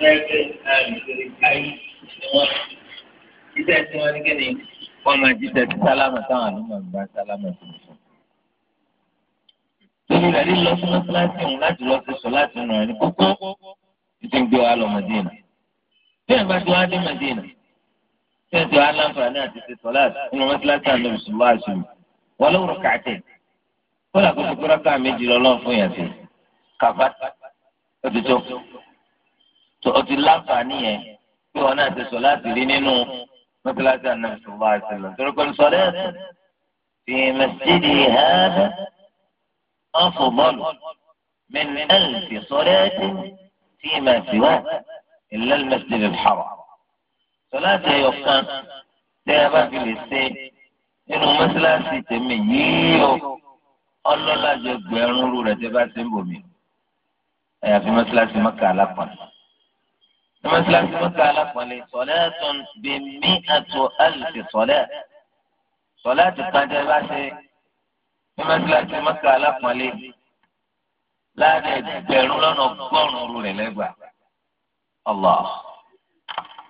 fẹ́ẹ́fẹ́ àìsèré káyé ni wọ́n ti. Jíjẹ́ tí wọ́n ní kíni wọ́n máa jíjẹ ti sálámà táwọn àlùmọ̀ ń bá sálámà tó ń sọ. Torí rẹ̀ lílọ sí mọ́sálásí òun láti lọ sí sọ láti nù ẹni kókó títí ń gbé wa lọ Màdínà. Bí ẹ̀ bá ti wá dé Màdínà, bí ẹ̀ ti wá láǹfààní àti ti sọ̀lá nínú mọ́sálásí àná ìṣùwọ́ àṣùwọ̀ wọ́n lóorùn kàtẹ́. Kọ́lá kó ti kúrọ́kà méjì lọ́lọ́ fún yàtì. Kàfá ó tó o ti láǹfààní yẹn bí wọn náà ti sọ láti rí nínú mọ́tíláṣí ànábì sallallahu alaihi wasallam torí pé sọ lẹ́sẹ̀ fi masjidi hada afdal min alfi salatin fima siwa illa al-masjid al-haram sọláàtì ẹyọ kan tẹ ẹ bá fi lè ṣe nínú mọ́sálásí tèmi yìí o jẹ gbẹ̀rún rú rẹ̀ tẹ bá ṣe ń bò mí ẹ̀yàfi mọ́sálásí mọ́kà alápàdé mọ́sálásí mọ́sá alápọ̀lẹ́ sọ̀lẹ́tún bíi mí àtò àlùfẹ́ sọ̀lẹ́ sọ̀lẹ́tù kájẹ́ bá ṣe ní mọ́sálásí mọ́sá alápọ̀lẹ́ láàrin ẹgbẹ̀rún lọ́nà ọgọ́rùn-ún rẹ̀ lẹ́gbà Allah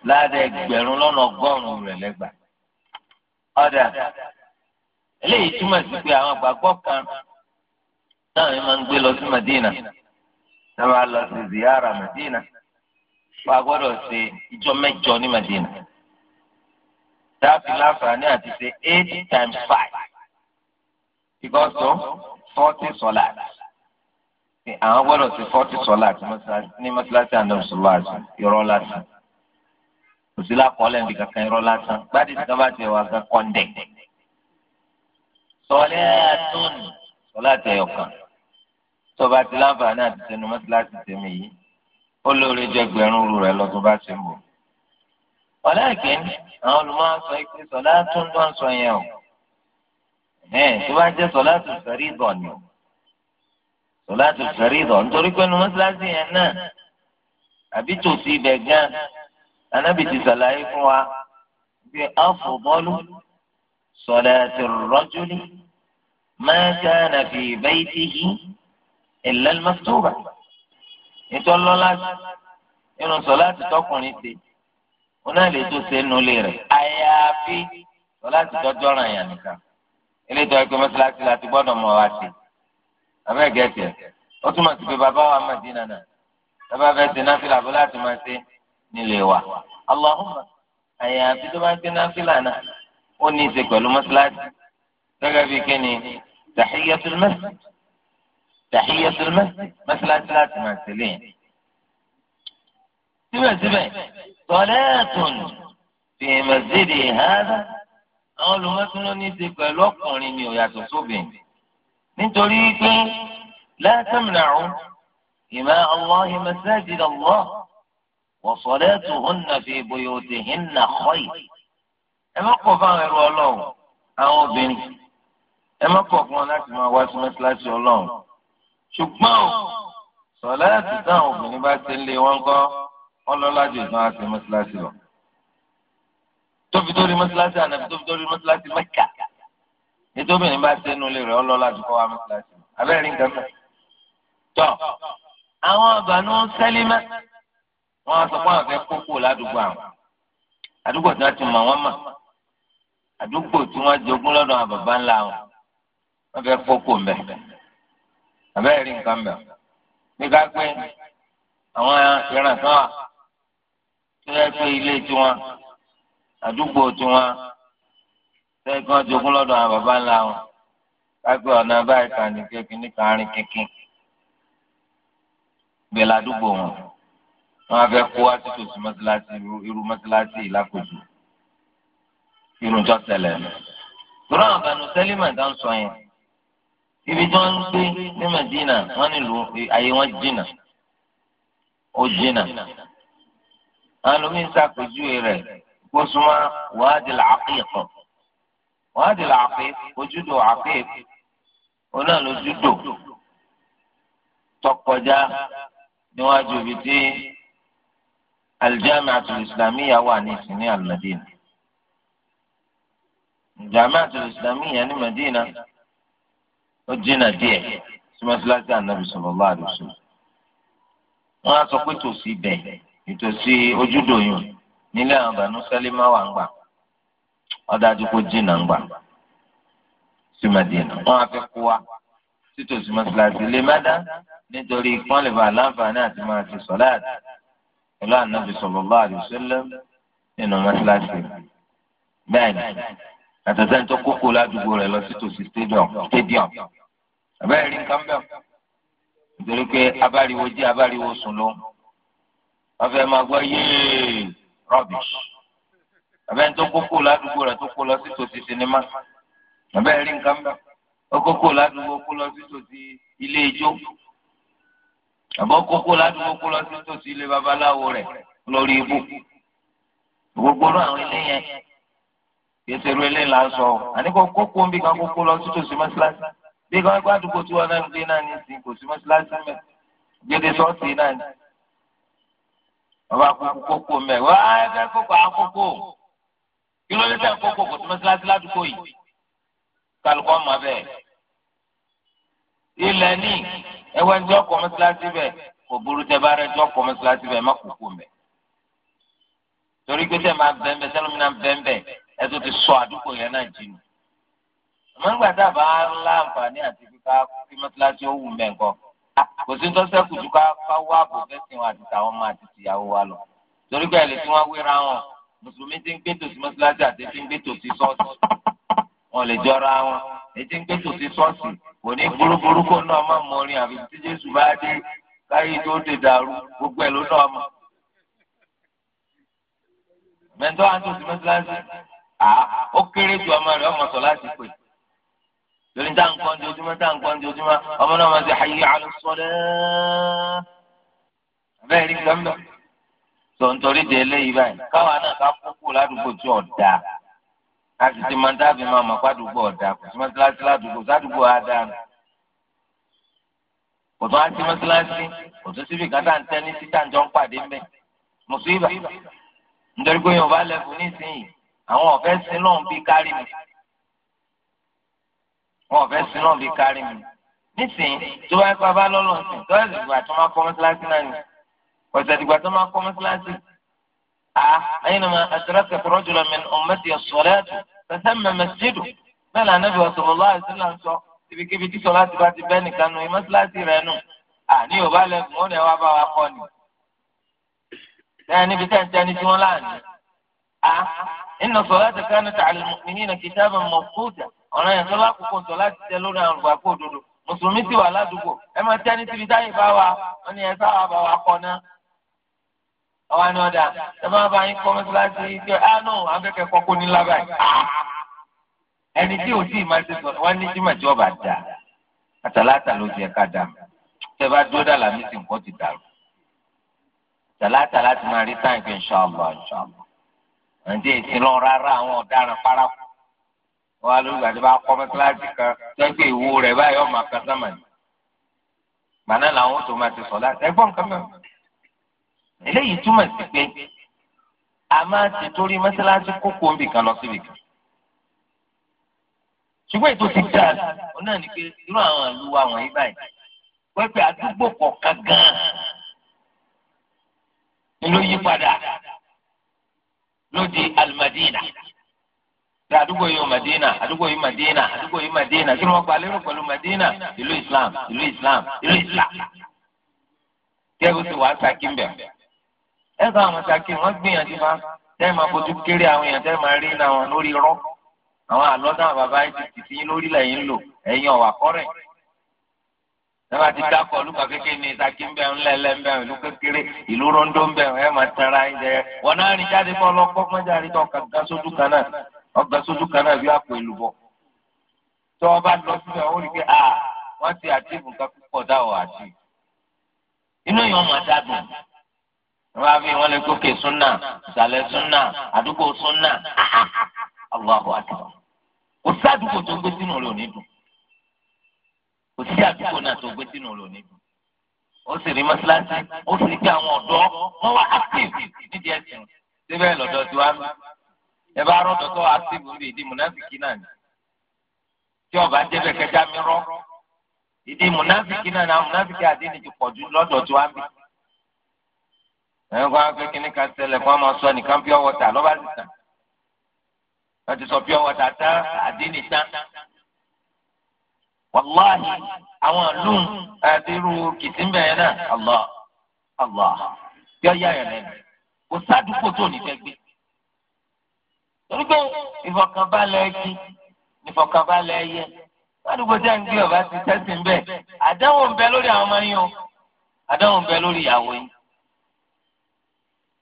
láàrin ẹgbẹ̀rún lọ́nà ọgọ́rùn-ún rẹ̀ lẹ́gbà ọ̀dà eléyìí túmọ̀ sí pé àwọn àgbàgbọ́ kan táwọn yẹn máa ń gbé lọ sí Madina táwọn á lọ sí ziyara Madina wà á gbọ́dọ̀ ṣe ìjọ mẹ́jọ ní Madina dábìí láǹfààní àti ṣe eight times five ìgbọ́sọ forty solat àwọn gbọ́dọ̀ ṣe forty solat ní mọ́sálásí àndọ́sọ̀lá ìrọ́ lásán òsìlá kọ́lẹ̀ nbí kankan irọ́ lásán gbádìí ti dábàá ti wà kan kọ́ndẹ̀. sọlẹ́ àtún sọlá tẹ̀yọ̀ kan tọba ti láǹfààní àti tẹnu mọ́sálásí tẹ̀mí yìí ó lóore jẹ gbẹ̀rún rú rẹ lọ́dún bá ti ń bọ̀. ọ̀lẹ́ẹ̀kẹ́ àwọn olùmọ̀ọ́sọ ìpè sọ̀lá tó ń dán sọ yẹn o tó bá jẹ́ sọ̀lá tó sẹ̀rí ìdọ̀ ni sọ̀lá tó sẹ̀rí ìdọ̀ nítorí pé mọ́sálásí yẹn náà àbí tòsí ibẹ̀ gan anábì ti sàlàyé fún wa bí ọ̀fọ̀ bọ́ọ̀lù sọ̀lá tó rọ́jú ni máa ń sáà nàfi ìbẹ́yìí tì yí ìlẹ́lmọ́sọ́bà ìtọ́lọ́lá irun sọ láti tọkùnrin ṣe wọn náà lè tó ṣe é nulẹ̀ rẹ̀ àyàfi sọ láti tọ́jú ọ̀ràn yàn nìkan ilé ìtọ́ ẹgbẹ́ mọ́sálásí láti gbọ́dọ̀ mọ̀ wá sí abẹ́gẹ́tì ẹ̀ ó túmọ̀ sí pé bàbá wa Mádínà náà bàbá fẹ́ ṣe náfìlà bó láti máa ṣe nílé wa Allahumma àyàfi tó bá ń ṣe náfìlà náà ó ní í ṣe pẹ̀lú mọ́sálásí gẹ́gẹ́ bí kíni tahiyyatul tahiyatul masjid mọ́sálásí láti máa tẹ̀lé yẹn. síbẹ̀síbẹ̀ salatun fi masjidi hada àwọn olùmọ̀túnú ní ti pẹ̀lú ọkùnrin ni òyàtọ̀ sóbìn nítorí pé la tamna'u ima Allahi masajid Allah wa salatuhunna fi buyutihinna khayr ẹ má kọ̀ fáwọn ẹrú ọlọ́run àwọn obìnrin ẹ má kọ̀ fún wọn láti máa wá sí mọ́sálásí ọlọ́run ṣùgbọ́n o sọ̀lá ti táwọn obìnrin bá ti ń lé wọn kọ́ wọn lọ lájò ìgbọ́n àti mọ́síláṣí lọ. tóbi tó rí mọ́síláṣí ànábi tóbi tó rí mọ́síláṣí mẹ́kà ní tóbìnrin bá ti ń lé rẹ̀ ọlọ́lá ju kọ́ wa mọ́síláṣí abẹ́rẹ́ nǹkan mẹ́. tọ́ àwọn àbànú sẹ́límẹ́ wọn á sọ fún àwọn akẹ́kọ̀ọ́ kó ládùúgbò àwọn àdúgbò tí wọ́n ti mọ̀ wọ́n mọ̀ àdúgbò tí wọ́n jogún lọ́dọ̀ àwọn bàbá ńlá wọn wọ́n fẹ́ fọ́kù mẹ́fẹ́ àbẹ́rẹ́ rí nǹkan mẹ́ nígbà pé àwọn ìran kan wà tó yẹ pé ilé tiwọn àdúgbò tiwọn sẹ́yìn kan jogún lọ́dọ̀ àwọn baba ńlá wọn kápẹ́ ọ̀nà báyìí kan ní kékin ní kàárín kínkín bẹ̀rẹ̀ àdúgbò wọn wọn á fẹ́ kó wá sí tòsí mọ́sálásí irú mọ́sálásí ìlàkóso irun tó tẹ̀lé. tòun àwọn bẹnu sẹ́límẹ̀ tó sọ yẹn ibi tí wọ́n ń gbé ní Madina wọ́n nílùú ayé wọn jìnnà ó jìnnà àwọn lómi ń sàpèjúwe rẹ̀ kó súnmọ́ wàádìí làákìyàn wàádìí làákìyàn ojúdò àkìyàn oná lójúdò tọkọjá níwájú ibi tí aljamiatul islamiyya wà ní ìsìnní al-Madina aljamiatul islamiyya ní Madina ó jìnnà díẹ̀ sí mọ́sálásí ànábì sallallahu alaihi wasallam. wọ́n á sọ pé tòsí bẹ̀ ìtòsí ojúdòyún nílé àwọn Banu Salima wà ń gbà ọ̀dájú kó jìnnà ń gbà sí Madina. wọ́n á fẹ́ kó wa títòsí mọ́sálásí lè má dá nítorí wọ́n lè bá aláǹfààní àti máa ti sọ̀láàtì pẹ̀lú ànábì sallallahu alaihi wasallam nínú mọ́sálásí bẹ́ẹ̀ ni àtẹ̀sẹ́ńtò kókó ládùúgbò rẹ̀ lọ sí tòsí stadium stadium abẹ́rẹ́ rí nǹkan bẹ́ẹ̀ nítorí pé abáriwo jí abáriwo sùn ló wọ́n fẹ́ máa gbọ́ yéé rọ́bìṣì abẹ́rẹ́ tó kókó ládùúgbò rẹ̀ tó kó lọ sí tòsí sinimá abẹ́rẹ́ rí nǹkan bẹ́ẹ̀ ó kókó ládùúgbò kó lọ sí tòsí ilé ijó àbọ̀ kókó ládùúgbò kó lọ sí tòsí ilé babaláwo rẹ̀ lórí ibú gbogbo náà àwọn ilé yẹn kí ètò ìrú ilé là ń sọ àníkó kókó ń bí kan kókó lọ sí tòsí mọ́ṣáláṣí bí kan gbá àdúgbò tí wọn náà ń gbé náà ní ìsìn kò sí mọ́ṣáláṣí mẹ́ gbédè sọ́ọ̀tì náà ní. bàbá kúkú kókó mẹ́ wá ẹgbẹ́ kókó àkókò kí ló dé tẹ̀ kókó kò sí mọ́ṣáláṣí ládùúgbò yìí kálukọ́ mọ́ bẹ́ẹ̀. ilẹ̀ ní ẹwẹ́ ń jọ́kọ̀ mọ́ṣáláṣí bẹ́ẹ̀ kò burú tẹ bá rẹ jọ́kọ̀ mọ́ṣáláṣí bẹ́ẹ̀ má kókó mẹ́. torí pé máa bẹ́ẹ̀ bẹ́ẹ̀ àmọ́ nígbà tá a bá láǹfààní àti kíkà kí mọ́tíláṣí ó wù mẹ́ nǹkan kò sí tó sẹ́kù ju ká wá àbò fẹ́sìn wa àti tàwọn ọmọ àti tìyàwó wa lọ torí pé ẹ̀lẹ́ tí wọ́n wéra wọn mùsùlùmí ti ń gbé tòsí mọ́tíláṣí àti ti ń gbé tòsí sọ́ọ̀sì wọn lè jọra wọn ètí ń gbé tòsí sọ́ọ̀sì kò ní burúburú kó náà má mọ orin àbí tí Jésù bá dé káyé tó dé dàrú gbogbo ẹ̀ ló náà mọ̀ mẹ́tọ́ àtòsí mọ́tíláṣí ó kéré ju ọmọ rẹ̀ ọmọ sọ láti pè é lórí tá à ń kọ́ ní ojúmọ́ tá à ń kọ́ ní ojúmọ́ ọmọ náà máa ń sọ hayya ala salah bẹ́ẹ̀ rí gbọ́mọ̀ tó ń torí de eléyìí báyìí káwa náà ká kókó ládùúgbò tí ọ̀dà a sì ti máa dábì máa mọ̀ pádùúgbò ọ̀dà kò sí mọ́sálásí ládùúgbò sádùúgbò àdáni kò tún á sí mọ́sálásí kò tún síbi kan ń tẹ́ni sí ń jọ ń pàdé mẹ́ mùsùlùmí nítorí pé Yorùbá lẹ́kùn nísìnyí àwọn wọn ò fẹ́ sin náà bí kárí mi nísìnyí tó bá pa bá lọ́lọ́ sìn tó bá sì gbà tó máa kọ́ mọ́sálásí náà ni ọ̀sẹ̀ ìgbà tó máa kọ́ mọ́sálásí. a ẹyin náà àtẹrẹsẹ kọrọ jùlọ mi ọmọdé ọsọrẹ àti tẹsán mẹmẹ sídùú bẹ́ẹ̀ lànà bí ọsọrọ àti sílà sọ ibikíbi tí sọlá ti bá ti bẹ nìkan nù mọ́sálásí rẹ nù à ní yorùbá lẹkùn ó ní wá bá wa kọ́ ni. bẹ́ẹ̀ níbi tẹ́ǹtẹ́ni tí wọ́n láàánú. a ìnà sọlá ti ọ̀ràn yẹn lọ́wọ́ àkókò tó láti tẹ lórí àwọn olùgbà òdodo mùsùlùmí sì wà ládùúgbò ẹ máa tẹ́ ní tìbí táyé bá wa wọ́n ní ẹ sáwà bá wa kọ́ ná. àwa ni ọ̀dà ẹ máa bá yín kọ́ mọ́sálásí pé á ah, nù abẹ́kẹ́ kọ́kọ́ ní lábàáyé. Ah! ẹni tí ò tí ì máa ti sọ wọn ní jimá tí ọba dà àtàlátà ló ti ẹ̀ka dà tẹ bá dúró dà lámì sí nǹkan ti dàrú. àtàlátà láti máa rí táǹkì inṣàlá wọn á lóògbà tó bá kọ́ mẹ́tíláàsì kan tẹ́gbẹ́ ìwo rẹ̀ báyọ̀ máa kan sámà ní. màná làwọn tó máa ti sọ láti ẹgbọ́n nǹkan mẹ́wàá. eléyìí túmọ̀ sí pé a máa ti torí mẹ́tíláàsì kókó ń bì kan lọ síbì kan. ṣùgbọ́n ètò ti dà ó náà ní pé irú àwọn ìlú wọ̀nyí báyìí pẹ́pẹ́ àdúgbò kọ̀ọ̀kan gan-an ni ló yí padà ló di Al-Madina pé àdúgbò yìí Madina àdúgbò yìí Madina àdúgbò yìí Madina kí ni wọ́n gba lérò pẹ̀lú Madina ìlú Islam ìlú Islam ìlú Islam kẹ́rù ti wà á saki ń bẹ̀. ẹ sọ àwọn saki wọ́n gbìyànjú bá tẹ́ ẹ máa fojú kéré àwọn èèyàn tẹ́ ẹ máa rí iná wọn lórí rọ́ àwọn àlọ́ náà bàbá yìí ti tì sí yín lórí lẹ́yìn ń lò ẹ̀yin ọ̀wà kọ́rẹ̀. ẹ máa ti dákọ̀ olúkà kékeré ní saki ń bẹ̀ ń lẹ́lẹ́ ń bẹ̀ ìlú kékeré ìlú rondo ń bẹ̀ ẹ máa tẹ̀ra ẹ jẹ náà rí jáde kọ́ lọ́pọ́ ọgbà sójú kan náà bí àpò èlùbọ́ tí wọ́n bá lọ síbẹ̀ wọ́n rí pé a wọ́n ti àtìbù nǹkan púpọ̀ dáwọ̀ àti inú yìí wọ́n máa dádùn wọ́n á fi wọ́n lè gòkè súnà ìsàlẹ̀ súnà àdúgbò súnà Allahu akbar kò sí àdúgbò tó gbé sínú rẹ̀ òní dùn kò sí àdúgbò náà tó gbé sínú rẹ̀ òní dùn ó sì rí mọ́sálásí ó sì rí pé àwọn ọ̀dọ́ wọ́n wá active nídìí ẹ̀sìn síbẹ̀ lọ́dọ̀ tí wàá ẹ bá rọ́ọ̀dọ̀ tó àtìbù bíi ìdí mùnáfìkì náà ni tí ọba jẹ́ bẹ́ẹ̀ kẹjá mi rọ́ ìdí mùnáfìkì náà náà mùnáfìkì àdínì ti pọ̀ jù lọ́dọ̀ tó wá bí. ẹ̀yin kan á pé kíní kan ṣẹlẹ̀ fún ọmọ sọ nìkan pure water lọ́ba ti tàn wọ́n ti sọ pure water tán àdínì tán wàláhì àwọn àlùm àdírú kìtìmbẹ̀ yẹn náà allah allah yọ yá yẹn lẹ́nu kò sádùúgbò tó ní gbé torí pé ìfọ̀kànbalẹ̀ ẹjí ìfọ̀kànbalẹ̀ ẹyẹ ládùúgbò tí a ń gbé ọba ti tẹ́sí ń bẹ̀ àdánwò ń bẹ lórí àwọn ọmọ yín o àdánwò ń bẹ lórí ìyàwó yín.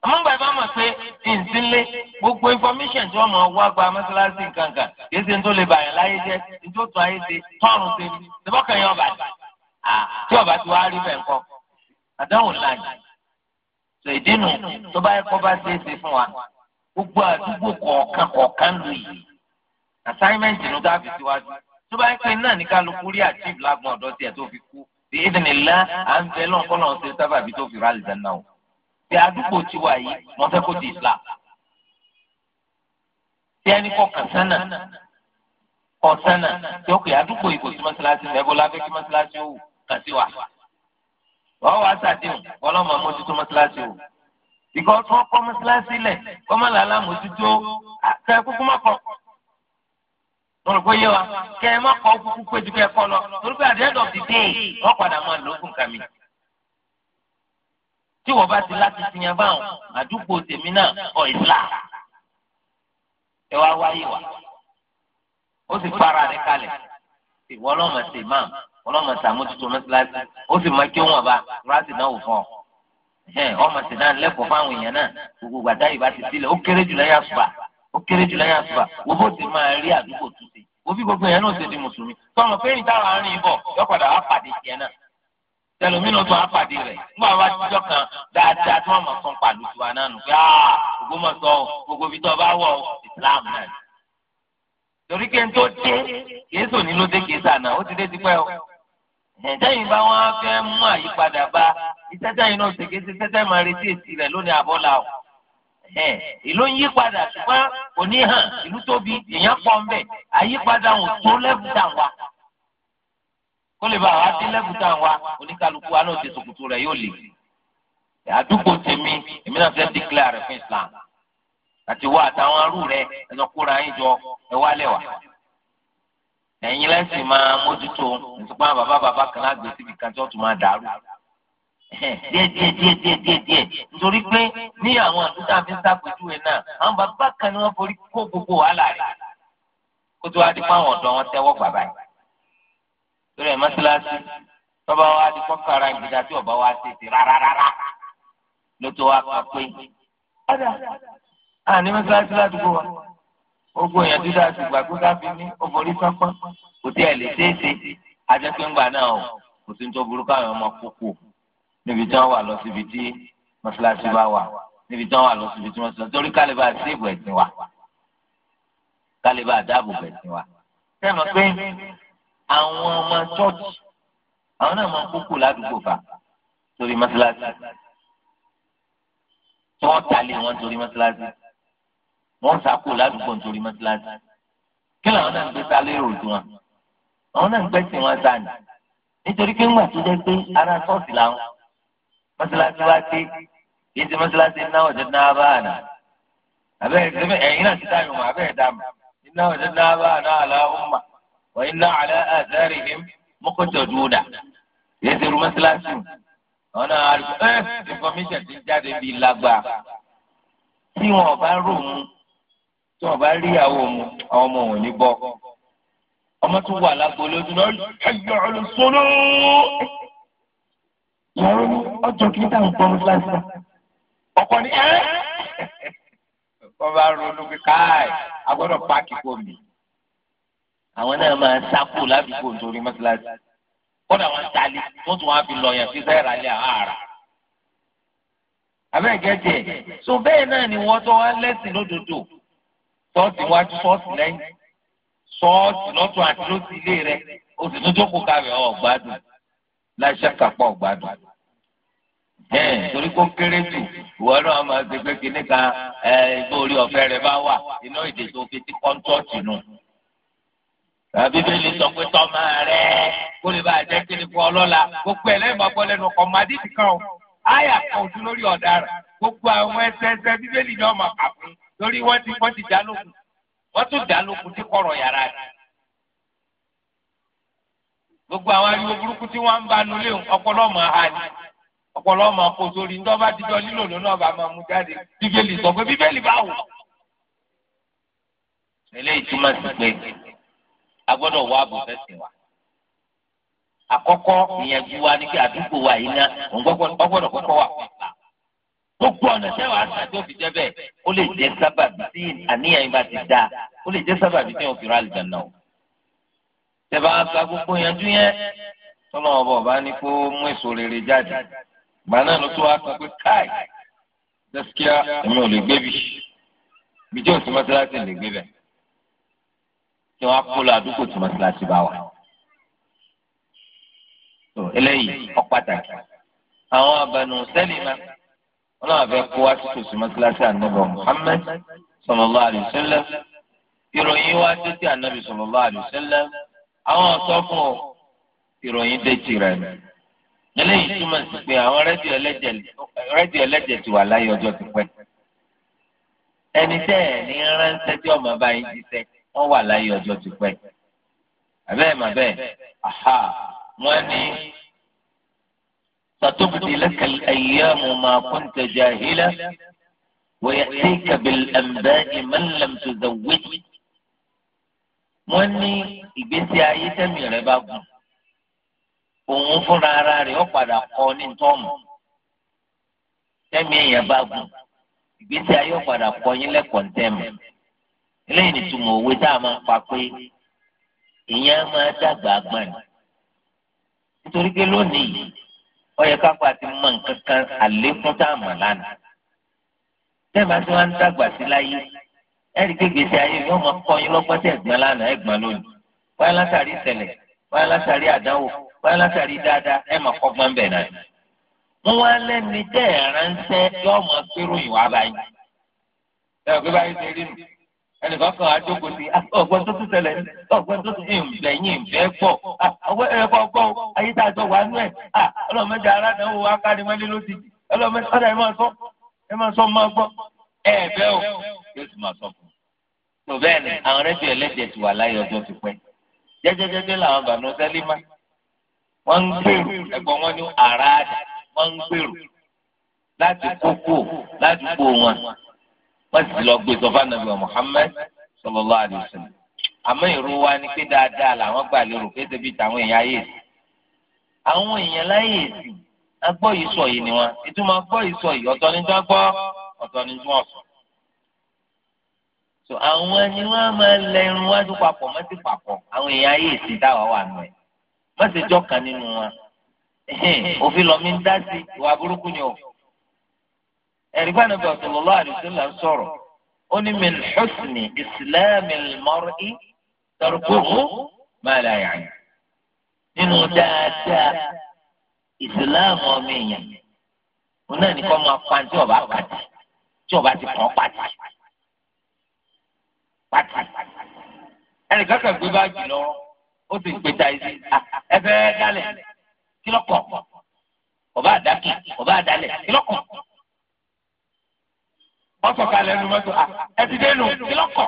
àmọ́ bàbá mọ̀ pé ìǹsínlé gbogbo information tí wọ́n mọ̀ wá gba mọ́ṣáláṣí nǹkankan kìí ṣe tó lè bàyàn láyé jẹ́ tó tún ayé ṣe tọ́run ṣe ní ṣèbọ́kàn yín ọba tí ọba ti wá rí bẹ́ẹ̀ kọ́ àdánwò láàyè ṣèdínú tó bá yẹ kó bá ṣe é ṣe fún wa gbogbo àdúgbò kọ̀ọ̀kan kọ̀ọ̀kan lò yìí assignment ló dá fi síwájú tó bá ń pè náà ní kálukú rí achieve lágbọn ọ̀dọ́ tiẹ̀ tó fi kú bí ìdìnnìlá à ń bẹ lọ́nkọ́ náà ṣe sábàbí tó fi rà lìdá náà o bí àdúgbò ti wà yìí wọ́n fẹ́ kó di Islam tí ẹni kọ̀ọ̀kan sánà kọ̀ọ̀sánà tí ó pè àdúgbò ìbò sí mọ́ṣáláṣí mẹ́bọ́lá fẹ́ kí mọ́ṣáláṣí ó wù sí wa wọ́n wá sàdéhùn ọlọ́mọ mọ́tútù because wọ́n kọ́ mọ́sálásí lẹ̀ wọ́n má làálà mójútó kẹ́ ẹ kúkú má kọ́ lọ́rọ̀ pé yé wa kẹ́ ẹ má kọ́ kúkú pé ju kẹ́ ẹ lọ torí pé at the end of the day wọ́n padà máa lókun kàmi tí wọ́n bá ti láti tiyan báwọn àdúgbò tèmi náà ọ̀ islam ẹ wá wáyé wa ó sì fara rẹ̀ kalẹ̀ ìwọ ọlọ́mọ sí imam ọlọ́mọ sàmójútó mọ́sálásí ó sì máa kí wọn bá rásì náà wò fún ọ ọmọ sì náà lẹ́kọ̀ọ́ fáwọn èèyàn náà gbogbo gbàdá ìbá ti sílẹ̀ ó kéré jùlọ yà sùpà ó kéré jùlọ yà sùpà wo bó ti máa rí àdúgbò tó ti wo bí gbogbo èèyàn náà ṣe di mùsùlùmí tọmọ fẹ́yìn táwọn a bọ̀ yọ padà wá pàdé tiẹ̀ náà tẹlifíìnì tó wá pàdé rẹ̀ nígbà wá jíjọ́ kan dáadáa tí wọ́n mọ̀ sọ́n pàlú tiwa náà nù pé gbogbo mọ̀ sọ gbogbo fi tọ́ bá wọ̀ Islam náà torí kí n tó dé kìí sòní ló dé kìí sànà ó ti dé tipẹ́ o tẹ́yìn bá wọn fẹ́ mú àyípadà bá iṣẹ́ tẹ́yìn náà ṣèké ṣe tẹ́tẹ́ máa retí èsì rẹ̀ lónìí àbọ́là o. ìlú ń yípadà ṣùgbọ́n kò ní hàn ìlú tóbi èèyàn pọ̀ ń bẹ̀ àyípadà wọn tó lẹ́bùtà wa. kó lè bá wa dé lẹ́bùtà wa oníkálukú wa náà ti sòkòtò rẹ̀ yóò lè. àdúgbò tèmi èmi náà fẹ́ declare rẹ̀ fún Islam àti wọ́n àtàwọn arú rẹ̀ ẹ̀ lọ kóra yín jọ ẹ wálẹ̀ wá ẹ̀yin lẹ́sìn máa mójútó nítorí àwọn bàbá bàbá kan lágbè síbi kan tí wọ́n tún máa dàrú díẹ̀ díẹ̀ díẹ̀ díẹ̀ díẹ̀ díẹ̀ nítorí pé ní àwọn àdúgbò àfi ń sàpèjúwe náà àwọn bàbá kan ni wọ́n forí kó gbogbo wàhálà rẹ̀ kó tó wá di fáwọn ọ̀dọ́ wọn tẹ́wọ́ bàbá yìí torí ẹ̀ mọ́sálásí tọ́ba wa di kọ́kàrà ìgbìdá tí ọba wa tètè rárára ló tó wá kà pé ọ̀dà àní mọ́sálásí ládùúgbò wa gbogbo èèyàn dídá ti gbà pé káfí ní òforí sápá kò tí ẹ lè ṣeéṣe ajẹpẹ ńgbà náà o kò sí ní tó burúkú àwọn ọmọ kókó níbi tí wọn wà lọ síbi tí mọ́ṣáláṣí bá wà níbi tí wọn wà lọ síbi tí mọ́ṣáláṣí torí kálíbà síìbù ẹ̀sìn wa kálíbà dáàbò ẹ̀sìn wa. sẹ́nu pé àwọn ọmọ chọ́ọ̀chì àwọn náà máa kókó ládùúgbò bá torí mọ́ṣáláṣí tí wọ́n tà wọn torí mọ́ṣáláṣí wọ́n ń sàkó ládùúgbò nítorí mọ́tíláṣí kí làwọn náà ń gbé sálé òòlù wọn àwọn náà ń gbé sí wọn sáàni nítorí pé ńgbà tó jẹ́ pé ara sọ́ọ̀sì làwọn mọ́tíláṣí wá dé kì í ṣe mọ́tíláṣí náwó tó náà bá àná àbẹ́rẹ́ ẹ̀yin náà ti dáhùn mọ́ àbẹ́rẹ́ dáhùn iná ọ̀dọ́ náà bá àná àlá ọ̀ma wọ́n iná àlá àdáre ní mọ́kọ́tọ̀ dúdà kì í ṣe mọ́tíláṣí wọn náà ẹ́ information ti jáde bíi lágbàá tí wọn ò rò mú tí wọn bá rí ìyàwó mu àwọn ọmọ wọn ní bọ ọmọ tó wà lágbo lójú náà ẹyọ ọlọ sọlọ. ìyàwó ni ọjọ́ kí táwọn gbọ́ mọ́sálásí ọkọ ni ẹ. wọ́n bá ronú pé káì agbọ́dọ̀ páàkì kò mí. àwọn náà máa ń sákò ládùúgbò nítorí mọ́sálásí. kódà wọn ń talé wọ́n tún wá fi lọ yàn sí sẹ́ẹ̀rà lé àárà. abẹ́ẹ̀gẹ́jẹ̀ so bẹ́ẹ̀ náà ni wọ́n tó wá lẹ́sìn lódodo ṣọ́ọ̀tì wájú ṣọ́ọ̀tì lẹ́yìn ṣọ́ọ̀tì lọ́tún àti lọ́sí ilé rẹ o sì tún jókòó kalẹ̀ ọ̀gbádùn láṣẹ kápá ọ̀gbádùn. ẹ̀ẹ́n torí kó kéré jù ìwọ náà máa ṣe pé kíní kan ẹ ìgbórí ọ̀fẹ́ rẹ bá wà iná ìdè tó fi ti kọ́ńtọ́ọ̀tì nù. bíbélì sọ pé tọ́mọ rẹ kó lè bá a jẹ́ kíni fún ọlọ́la gbogbo ẹ̀ lẹ́yìn máa bọ́ lẹ́nu ọkọ̀ máa dìbì kan o àyà kan òdú lórí ọ̀daràn gbogbo àwọn ẹsẹ̀ ẹsẹ̀ bíbélì ni ọmọ kà torí wọ́n ti wọ́n ti dá lókun wọ́n tún dá lókun tí kọ̀rọ̀ yàrá rẹ̀. gbogbo àwọn ariwo burúkú tí wọ́n ń bá nu léwu ọpọlọ ọmọ ha ni ọpọlọ ọmọ kò sórí ní ọba dídọ lílò lónà ọba máa mú jáde bíbélì sọ pé bíbélì bá wù. eléyìí túmọ̀ sí pé a gbọ́dọ̀ wá ààbò fẹ́sẹ̀ wa àkọ́kọ́ ìyẹn ju wa ní kí àdúgbò wa yìí ná òun gbọ́dọ̀ kọ́kọ́ wà pàápàá gbogbo ọ̀nà tẹ́ wàá gbà tó fi jẹ́ bẹ́ẹ̀ ó lè jẹ́ sábàbí tí àníyàn yín bá ti dáa ó lè jẹ́ sábàbí tí òfin rà lìjọ náà. tẹ̀bá gba gbogbo yanjú yẹn tọ́lọ́ ọba ọba ní kó mú èso rere jáde gbà náà ló tó wá sọ pé káì gaskiya èmi ò lè gbé bi bí tí òsì mọ́sálásí lè gbé bẹ̀ tí wọ́n á kó lọ àdúgbò tí mọ́sálásí bá wà. eléyìí ó pàtàkì àwọn abànú sẹ́lì máa wọn náà fẹ́ kó wá sí tòsí mọ́sálásí ànábọ̀ Muhammad sallallahu alaihi wasallam ìròyìn wá dé sí ànábì sallallahu alaihi wasallam àwọn ọ̀sọ́ fún ọ ìròyìn dé ti rẹ̀ ni. eléyìí túmọ̀ sí pé àwọn rédíò ẹlẹ́jẹ̀ ti wà láyé ọjọ́ ti pẹ́. ẹni tẹ́ ẹ̀ ní ránṣẹ́ tí ọmọ bá yín jíṣẹ́ wọ́n wà láyé ọjọ́ ti pẹ́. àbẹ́ẹ̀ màbẹ́ẹ̀ aha wọ́n ní. ستبدي لك الأيام ما كنت جاهلا ويأتيك بالأنباء من لم تزوج wọ́n ní ìgbésí ayé tẹ́mi rẹ̀ bá gùn òun fúnra ara rẹ̀ ó padà kọ́ ní tọ́ọ̀mù tẹ́mi èèyàn bá gùn ìgbésí ayé ó padà kọ́ yín lẹ́kọ̀ọ́ tẹ́mu eléyìí nìtumọ̀ òwe tá a máa pa pé ìyẹn máa dàgbà agbọ̀n nítorí pé lónìí ọyẹ kápá àti mọ nǹkan kan àlékún tá a mọ̀ lánàá. tẹ́ẹ̀mà tí wọ́n ń dàgbà sí láyé ẹ̀rí kéègbèsè ayé yóò mọ kọyún lọ́gbọ́n tẹ̀ ẹ̀gbọ́n lánàá ẹ̀gbọ́n lónìí. wáyé látàrí ìṣẹ̀lẹ̀ wáyé látàrí àdánwò wáyé látàrí dáadáa ẹ̀ mà kọ́gbọ́n bẹ̀ náà. wọ́n wá lẹ́ni tẹ́ ẹ̀ ránṣẹ́ yóò mọ péròyìn wá báyìí ẹnìkan kan àjókòó sí ah, ọgbọ́n tó tún ṣẹlẹ̀ ọgbọ́n tó tún ìǹfẹ́ yín ìǹfẹ́ pọ̀ ah, ọwọ́ ẹ̀rọ ayé tá a jọ wà nú ẹ̀ ah, ọlọ́mọdé aládàáwò akárimọ́lé ló ti ọlọ́mọdé ọ̀dà máa sọ ẹ̀ máa sọ máa gbọ́ ẹ̀ bẹ́ o yóò sì máa sọ fún un. bẹ́ẹ̀ ni àwọn rédíò ẹlẹ́dẹ̀ ti wà láyé ọjọ́ ti pẹ́ jẹ́jẹ́jẹ́jẹ́ làwọn bànú sẹ́límà wọ́n ń gbèrú ẹ̀gbọ́n wọn ní àràádà wọ́n ń gbèrú láti kókó ládùúgbò wọn wọ́n sì lọ gbé sọ fún anabi Muhammad sallallahu alaihi wasallam àmọ́ ìró wa ni pé dáadáa làwọn gbà lérò pé débi táwọn èèyàn ayé sí àwọn èèyàn láyé sí agbọ́ yìí sọ yìí ni wọn ìtumọ̀ agbọ́ yìí sọ yìí ọ̀tọ̀ ni tó agbọ́ ọ̀tọ̀ ni tó ọ̀sùn. so àwọn ni wọn máa lẹ irun wájú papọ̀ mọ́tì papọ̀ àwọn èèyàn ayé sí táwa wà nù ẹ̀ mọ́tì jọ́ kan nínú wọn òfin lọ́mí ń dá sí ìwà burúkú ni òfin ẹ̀rígbá ni bàbá sallallahu alaihi wasallam sọ̀rọ̀ ó ní min husni islamil mar'i tarkuhu ma la ya'ni nínú dáadáa ìsìláàmù ọmọ èèyàn òun náà nìkan máa pa tí ọba pàtì tí ọba ti kàn pàtì pàtì ẹnìkan kan gbé báàgì lọ ó ti gbé ta ẹsẹ ah, ẹfẹ dálẹ̀ kí lọkọ ọba àdákì ọba àdálẹ̀ kí lọkọ wọ́n sọ̀kalẹ̀ ẹnu mọ́tò ẹ ti dé nù kí lọ́kọ̀.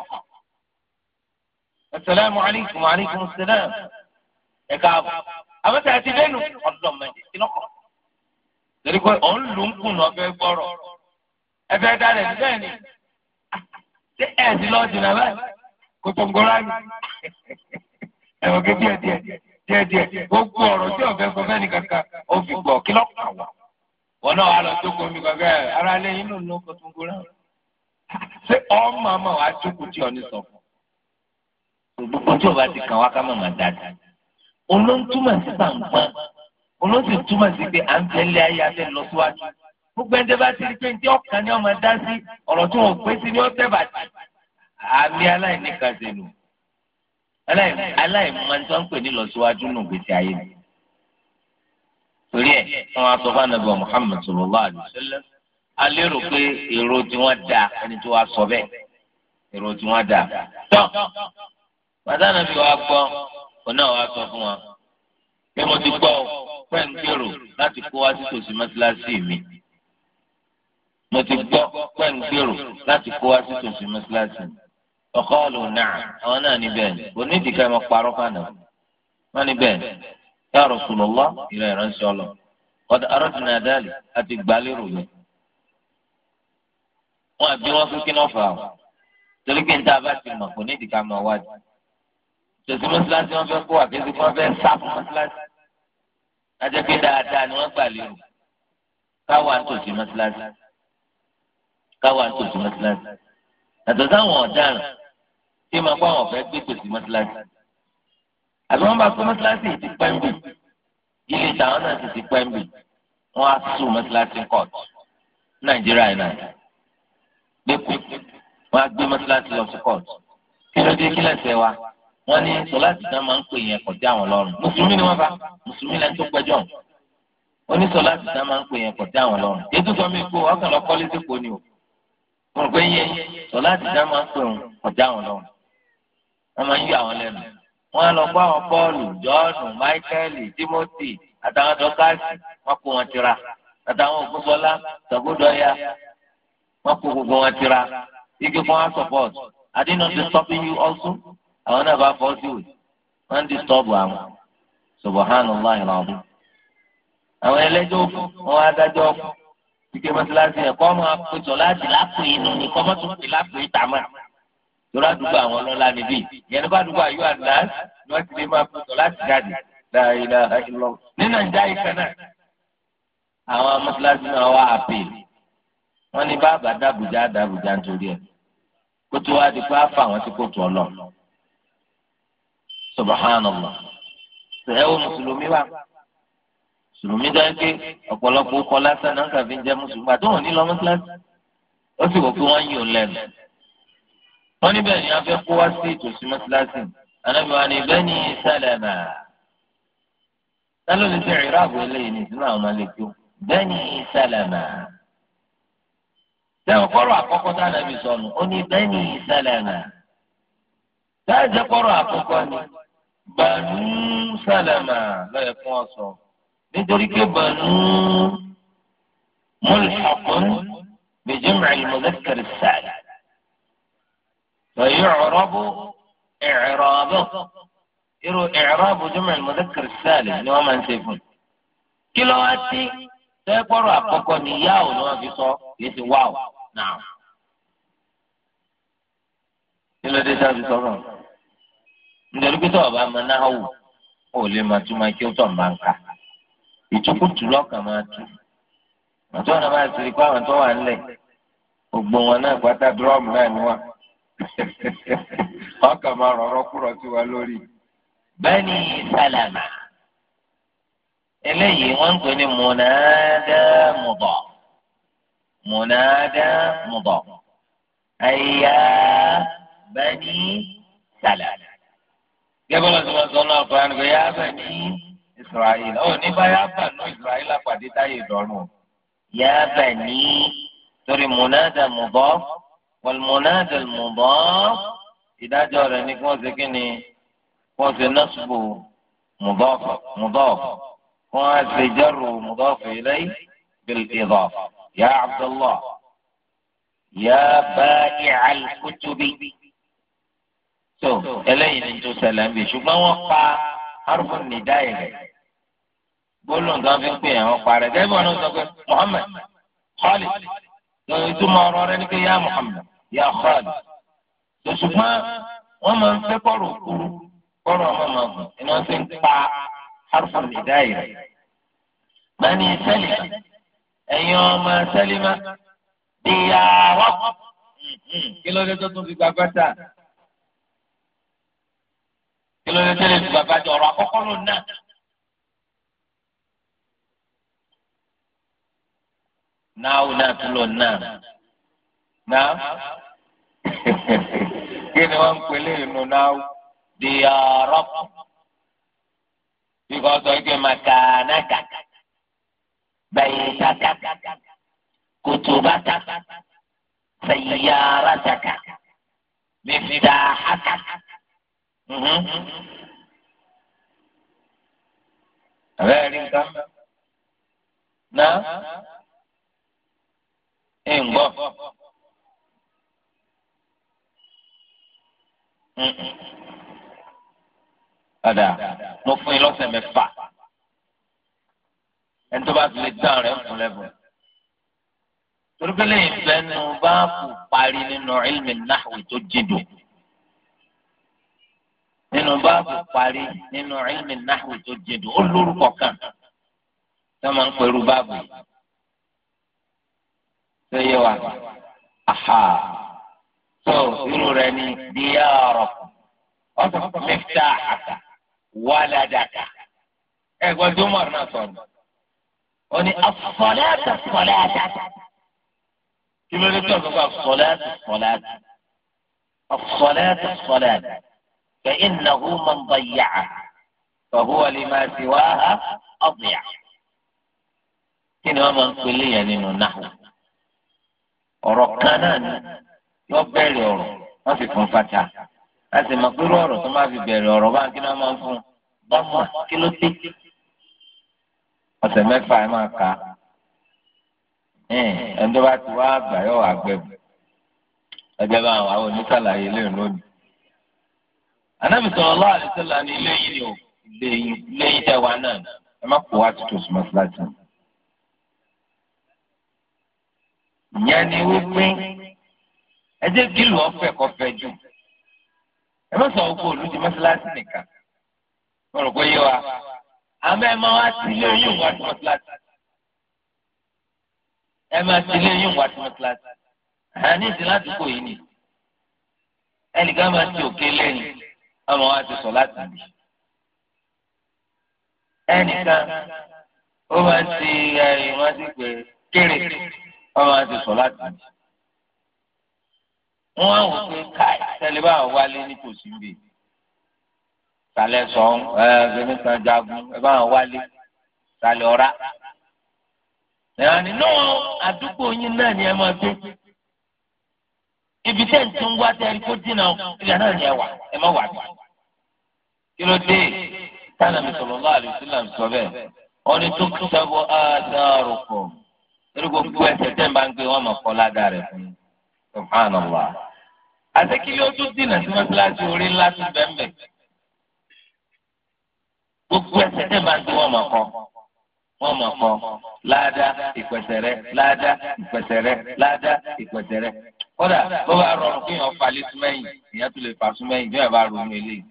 asalaamu alaykum alaykum salaam ẹ káàbọ̀ àbẹ̀tẹ̀ ẹ ti dé nù ọ̀dọ̀ mẹ́jẹ kí lọ́kọ̀. torí pé òun lù ń kùnà ọ̀fẹ́ gbọ́rọ̀ ẹ fẹ́ dalẹ̀ bẹ́ẹ̀ ni ṣé ẹ ti lọ jìnnà báyìí kò tó ń gbọ́ra ni ẹ wọ́n díẹ̀ díẹ̀ díẹ̀ díẹ̀ gbogbo ọ̀rọ̀ tí ọ̀fẹ́ sọ fẹ́ni kankan ó fi gbọ̀ kí lọ́kọ̀ wọ̀ wọn náà wà lọ jókòó mi kankan ṣé ọmọ ọmọ wa jókòó tí ọ̀ní sọ fún gbogbo tí ọba ti kàn wá ká mọ̀mọ́ dáadáa olóhùn túmọ̀ sí gbàǹgbọ́n olóhùn sì túmọ̀ sí pé à ń tẹ̀lé ayé abẹ́ lọ síwájú gbogbo ẹni tẹ́ bá ti rí pé ní ọkàn ni ọmọ dá sí ọ̀rọ̀ tí wọn ò pé sí ní ọ̀tẹ̀ bàtì àmì aláìníkàsẹ̀nù aláìmọ̀ntọ́ ń pè ní lọ́síwájú nù gbèsè ayé mi torí ẹ̀ wọ́n á fún anabi Muhammad sallallahu alaihi wasallam a lérò pé èrò tí wọ́n da ẹni tó wá sọ bẹ́ẹ̀ èrò tí wọ́n da tán bàtàna bí wàá gbọ́ òun náà wàá sọ fún wa pé mo ti gbọ́ pẹ́ ń gbèrò láti kó wá sí tòsí mọ́tíláṣí mi mo ti gbọ́ pẹ́ ń gbèrò láti kó wá sí tòsí mọ́tíláṣí mi ọkọ ọlù náà àwọn náà níbẹ̀ ni onídìí ká fànà wọn níbẹ̀ ni ya Rasulullah ìrẹ̀ ìránṣẹ́ ọlọ ọ̀dọ̀ arọ́dúnrún adáàlì àti gbàlérò yẹn wọn àbí wọn fún kí náà fà ó torí pé níta bá ti mọ̀ kò ní ìdìkà máa wá jù tòsí mọ́sálásí wọn fẹ́ kó wà kéésì kí wọ́n fẹ́ sá fún mọ́sálásí lájẹ́ pé dáadáa ni wọ́n gbà lérò káwa ń tòsí mọ́sálásí káwa ń tòsí mọ́sálásí yàtọ̀ sáwọn ọ̀daràn tí màá kó àwọn ọ̀fẹ́ gbé tòsí mọ́sálásí àbí wọ́n bá kó mọ́sálásí ti pẹ́ńbì ilé ìtàwọn náà ti ti pẹ́ńbì wọ́n á sùn mọ́sálásí kọ́ọ̀tù Nàìjíríà náà lẹ́kọ̀ọ́ wọ́n á gbé mọ́tíláṣí lọ sí kóòtù kí ló dé kí lẹ́sẹ̀ wa wọ́n ní sọláàtì náà máa ń pè yẹn kọjá àwọn lọ́rùn mùsùlùmí ni wọ́n bá mùsùlùmí lẹ́ni tó gbẹ́jọ́ wọ́n ní sọláàtì náà máa ń pè yẹn kọjá àwọn lọ́rùn ètò sọmi kú ọkàn lọ kọ́lé sí kò o mo rò pé yẹ sọláàtì náà máa ń pè wọn kọjá àwọn lọ́rùn wọ́n máa ń yí àwọn lẹ́nu wọ́n lọ kó àwọn Pọ́ọ̀lù Jọ́ọ̀nù Máíkẹ́lì Tímótì àtàwọn dọ́kásì wọ́n kó wọn tira àtàwọn òkúsọlá tọ́gbódọ́yà wọn kó gbogbo wọn tira igi fún wa support are they not disturbing you also àwọn náà bá fọ́ sí òye wọ́n ń disturb àwọn subhanallah ìlànà àwọn ẹlẹ́jọ́ òfin wọn adájọ́ òfin ike mọ́sálásí ẹ̀kọ́ ọmọ apẹ̀tọ̀ láti lápè inú ni kọ́ mọ́tò pè lápè tàmà lórí àdúgbò àwọn ọlọ́lá níbí ìyẹn nípa àdúgbò àyọ̀ àdá ni wọ́n ti lè máa pẹ̀tọ̀ láti jáde láìláìlọ́ ní nàìjíríà yìí kan náà àwọn mọ́sálásí náà wà àpèlè wọ́n ní bàbá dàbùjá dàbùjá nítorí ẹ̀ kó tó wá di pé á fà wọ́n sí kóòtù ọlọ́ subhanallah ẹ wo mùsùlùmí wa mùsùlùmí dáhùn pé ọ̀pọ̀lọpọ̀ kọ lásán náà kàfi ń jẹ́ mùsùlùmí àti òun ní lọ́mọ kíláàsì ó sì wò pé wọ́n yìn ó lẹ́nu wọ́n níbẹ̀ ni a fẹ́ kó wá sí ìtòsí mọ́síláṣí anábì wa ni bẹ́ẹ̀ni sálẹ̀mà sálọ́ọ̀lù ti rìn ráàbù eléyìí ní ìdúrà ọmọ lẹ́kọ̀ọ́ bẹ́ẹ̀ni sálẹ̀mà sẹ́wọ̀n kọ́rọ̀ àkọ́kọ́ tá a nàbí sọnù ó ní bẹ́ẹ̀ni sálẹ̀mà sáàjẹ́ kọ́rọ̀ àkọ́kọ́ ni bànú sálẹ̀mà lọ́yẹ̀ fún ọ̀sọ̀ nítorí pé bànú mọ́lùfàkùn bìjìmọ̀ ìmọ̀lẹ́kẹ̀rẹ̀ sàlẹ̀ lọ́yẹ̀ ọ̀rọ̀bù ìrọ̀bù irú ìrọ̀bù jùmọ̀ ìmọ̀lẹ́kẹ̀rẹ̀ sàlẹ̀ ni wọ́n máa ń ṣe fún kí ló wá sí. sẹ́kọ̀rọ̀ àkọ́kọ́ ni akụkọ ò ní wọ́n fi sọ kìí ti wá ò náà. kí ló dé sáà fi sọ̀rọ̀ nítorí pé tọ́wọ́ bá máa náà wò ó lè máa tún máa kí ó tọ̀ máa ń kà ìtukùtù lọ́kàn máa tú àti wọn máa àwọn tó wà nílẹ̀ wọn náà eléyìí wọ́n ń pè ní mùnádà mùdọ̀ mùnádà mùdọ̀ àyà bani sàlà gẹ́gbọ́n tí wọ́n sọ náà kọ́ ẹni pé yá bani israel ó ní bá yá bà nù israel àpàdé táyé dọ́rùn yá bani torí mùnádà mùdọ̀ wọ́n mùnádà mùdọ̀ ìdájọ́ rẹ̀ ni kí wọ́n ṣe kí ni wọ́n ṣe nọ́ọ̀sì bò mùdọ̀ mùdọ̀ wọ́n ṣe jẹ́rù mudọ́fù ilayhi bil-idaafa ya abdullah ya baa'i'a al-kutubi tó eléyìí ni tó ṣẹlẹ̀ ń bì ṣùgbọ́n wọ́n pa arúgbó nìdá yìí rẹ̀ gbólóhùn tó ń fi ń pè àwọn parẹ́ dẹ́gbẹ́ wọn ló sọ pé muhammed khalid lọ́wọ́ ìtumọ̀ ọ̀rọ̀ rẹ ní pé ya muhammed ya khalid tó ṣùgbọ́n wọ́n máa ń fẹ́ kọ́rọ̀ òkúrú kọ́rọ̀ ọmọ màgùn iná ti ń pa حرف الهداية بني سلمة أيام سلمة ديارة كيلو جدو في بابتا كيلو جدو في بابتا وراققلوا الناس náwó náà tún lọ náà náà kí ni wọn ń pèlè inú náà di arọ́pù ìkọ́ sọ pé màkànáka bẹ̀yìntàkà kùtùbàkà sẹ̀yàràtàkà mẹfìdàhàkà. Àbẹ́rẹ́ mhm. rí nǹkan náà ẹ̀ ń gbọ́. Mhm padà mo fún yín lọ́sẹ̀ mẹ́fà ẹni tó bá ti lè dá rẹ̀ fún lẹ́bùn. torípélé ìfẹ́nu báàbù parí nínú ilmi nahwi tó jìndò nínú báàbù parí nínú ilmi nahwi tó jìndò ó lórúkọ kan tó máa ń pẹ̀lú báàbù yìí. yẹ wa aha tó irú rẹ ní díyàrọ̀ ọ̀sán mẹ́fà àtà wàlàdàkà ẹ̀gbọ́n tó mọ̀ náà sọ̀rọ̀ ó ní afọláàtà fọláàtà kí ló dé tó ọ̀sán kó afọláàtà fọláàtà afọláàtà fọláàtà kẹ ìnáwó máa ń bá yàrá fàbú wàlí máa ti wá ha ọ̀bìyà kí ni wọ́n máa ń pèlè yẹn nínú náà ọ̀rọ̀ kan náà ni yọ bẹ̀rẹ̀ ọ̀rọ̀ wọ́n sì fún fata láti mọ̀ pé ọ̀rọ̀ tó máa fi bẹ̀rẹ̀ ọ̀rọ̀ bá kí náà máa ń fún un bọ́mọ̀ kí ló dé. ọ̀sẹ̀ mẹ́fà ẹ máa kà á ẹni tó bá ti wá àgbà yóò wá gbẹ̀bù ẹgbẹ́ bá àwọn àwọn oníṣàlàyé lẹ́yìn lónìí. ànábì sọ̀rọ̀ lọ́wọ́ àdìsọ́là ní ilé yìí ni ò ilé yìí ilé yìí tẹ̀ wá náà ẹ má kó wá tuntun sùmọ́ síláṣí. ìyẹn ni wípé ẹ jẹ́ kí lọ́ọ́ fẹ́ jù ẹ má sọ gbogbo olùdí mọ́sálásí nìkan wọ́n rò pé yé wa àmọ́ ẹ máa wá sí ilé yín wá sí mọ́sálásí ẹ máa sí ilé yín wá sí mọ́sálásí àní ìsìn ládùúgbò yìí ni ẹnìkan máa ti òkè lẹ́yìn ọmọ wa ti sọ láti bì ẹnìkan ó máa ti ẹ ìrántí pé kéré ọmọ wa ti sọ láti bì wọ́n wá wò pé káì tẹ́lẹ̀ bá wálé nítòsí bì sálẹ̀ sọ̀n ẹ ẹgbẹ́ kan jagun ẹ bá wálé sálẹ̀ ọ̀rá. ìrànlẹ́ náà àdúgbò yín náà ni ẹ máa gbé ibi tẹ́ ń tún wá tẹ́rí kó dínà ìyá náà ni ẹ wà ẹ má wà bí. kí ló dé tánàmì sallallahu alaihi wasallam sọ bẹ́ẹ̀ ọ̀nì tó kí sọ́gbọ́ ádáàrú kọ̀ lórí gbogbo ẹsẹ̀ tẹ́ ń bá ń gbé wọn mọ̀ kọ́ ládàá rẹ̀ fún subhanallah àti kí ló tó dènà sí mọ́tíláṣí orí ńlá tó bẹ́ẹ̀ gbogbo ẹsẹ̀ tẹ̀ máa ń tí wọ́n mọ̀ kọ́ wọ́n mọ̀ kọ́ láàdá ìpẹ̀sẹ̀ rẹ láàdá ìpẹ̀sẹ̀ rẹ láàdá ìpẹ̀sẹ̀ rẹ kódà bó bá rọrùn kí èèyàn falẹ̀ súnmẹ́yìn èèyàn tún lè fà súnmẹ́yìn bí wọ́n bá ronú eléyìí.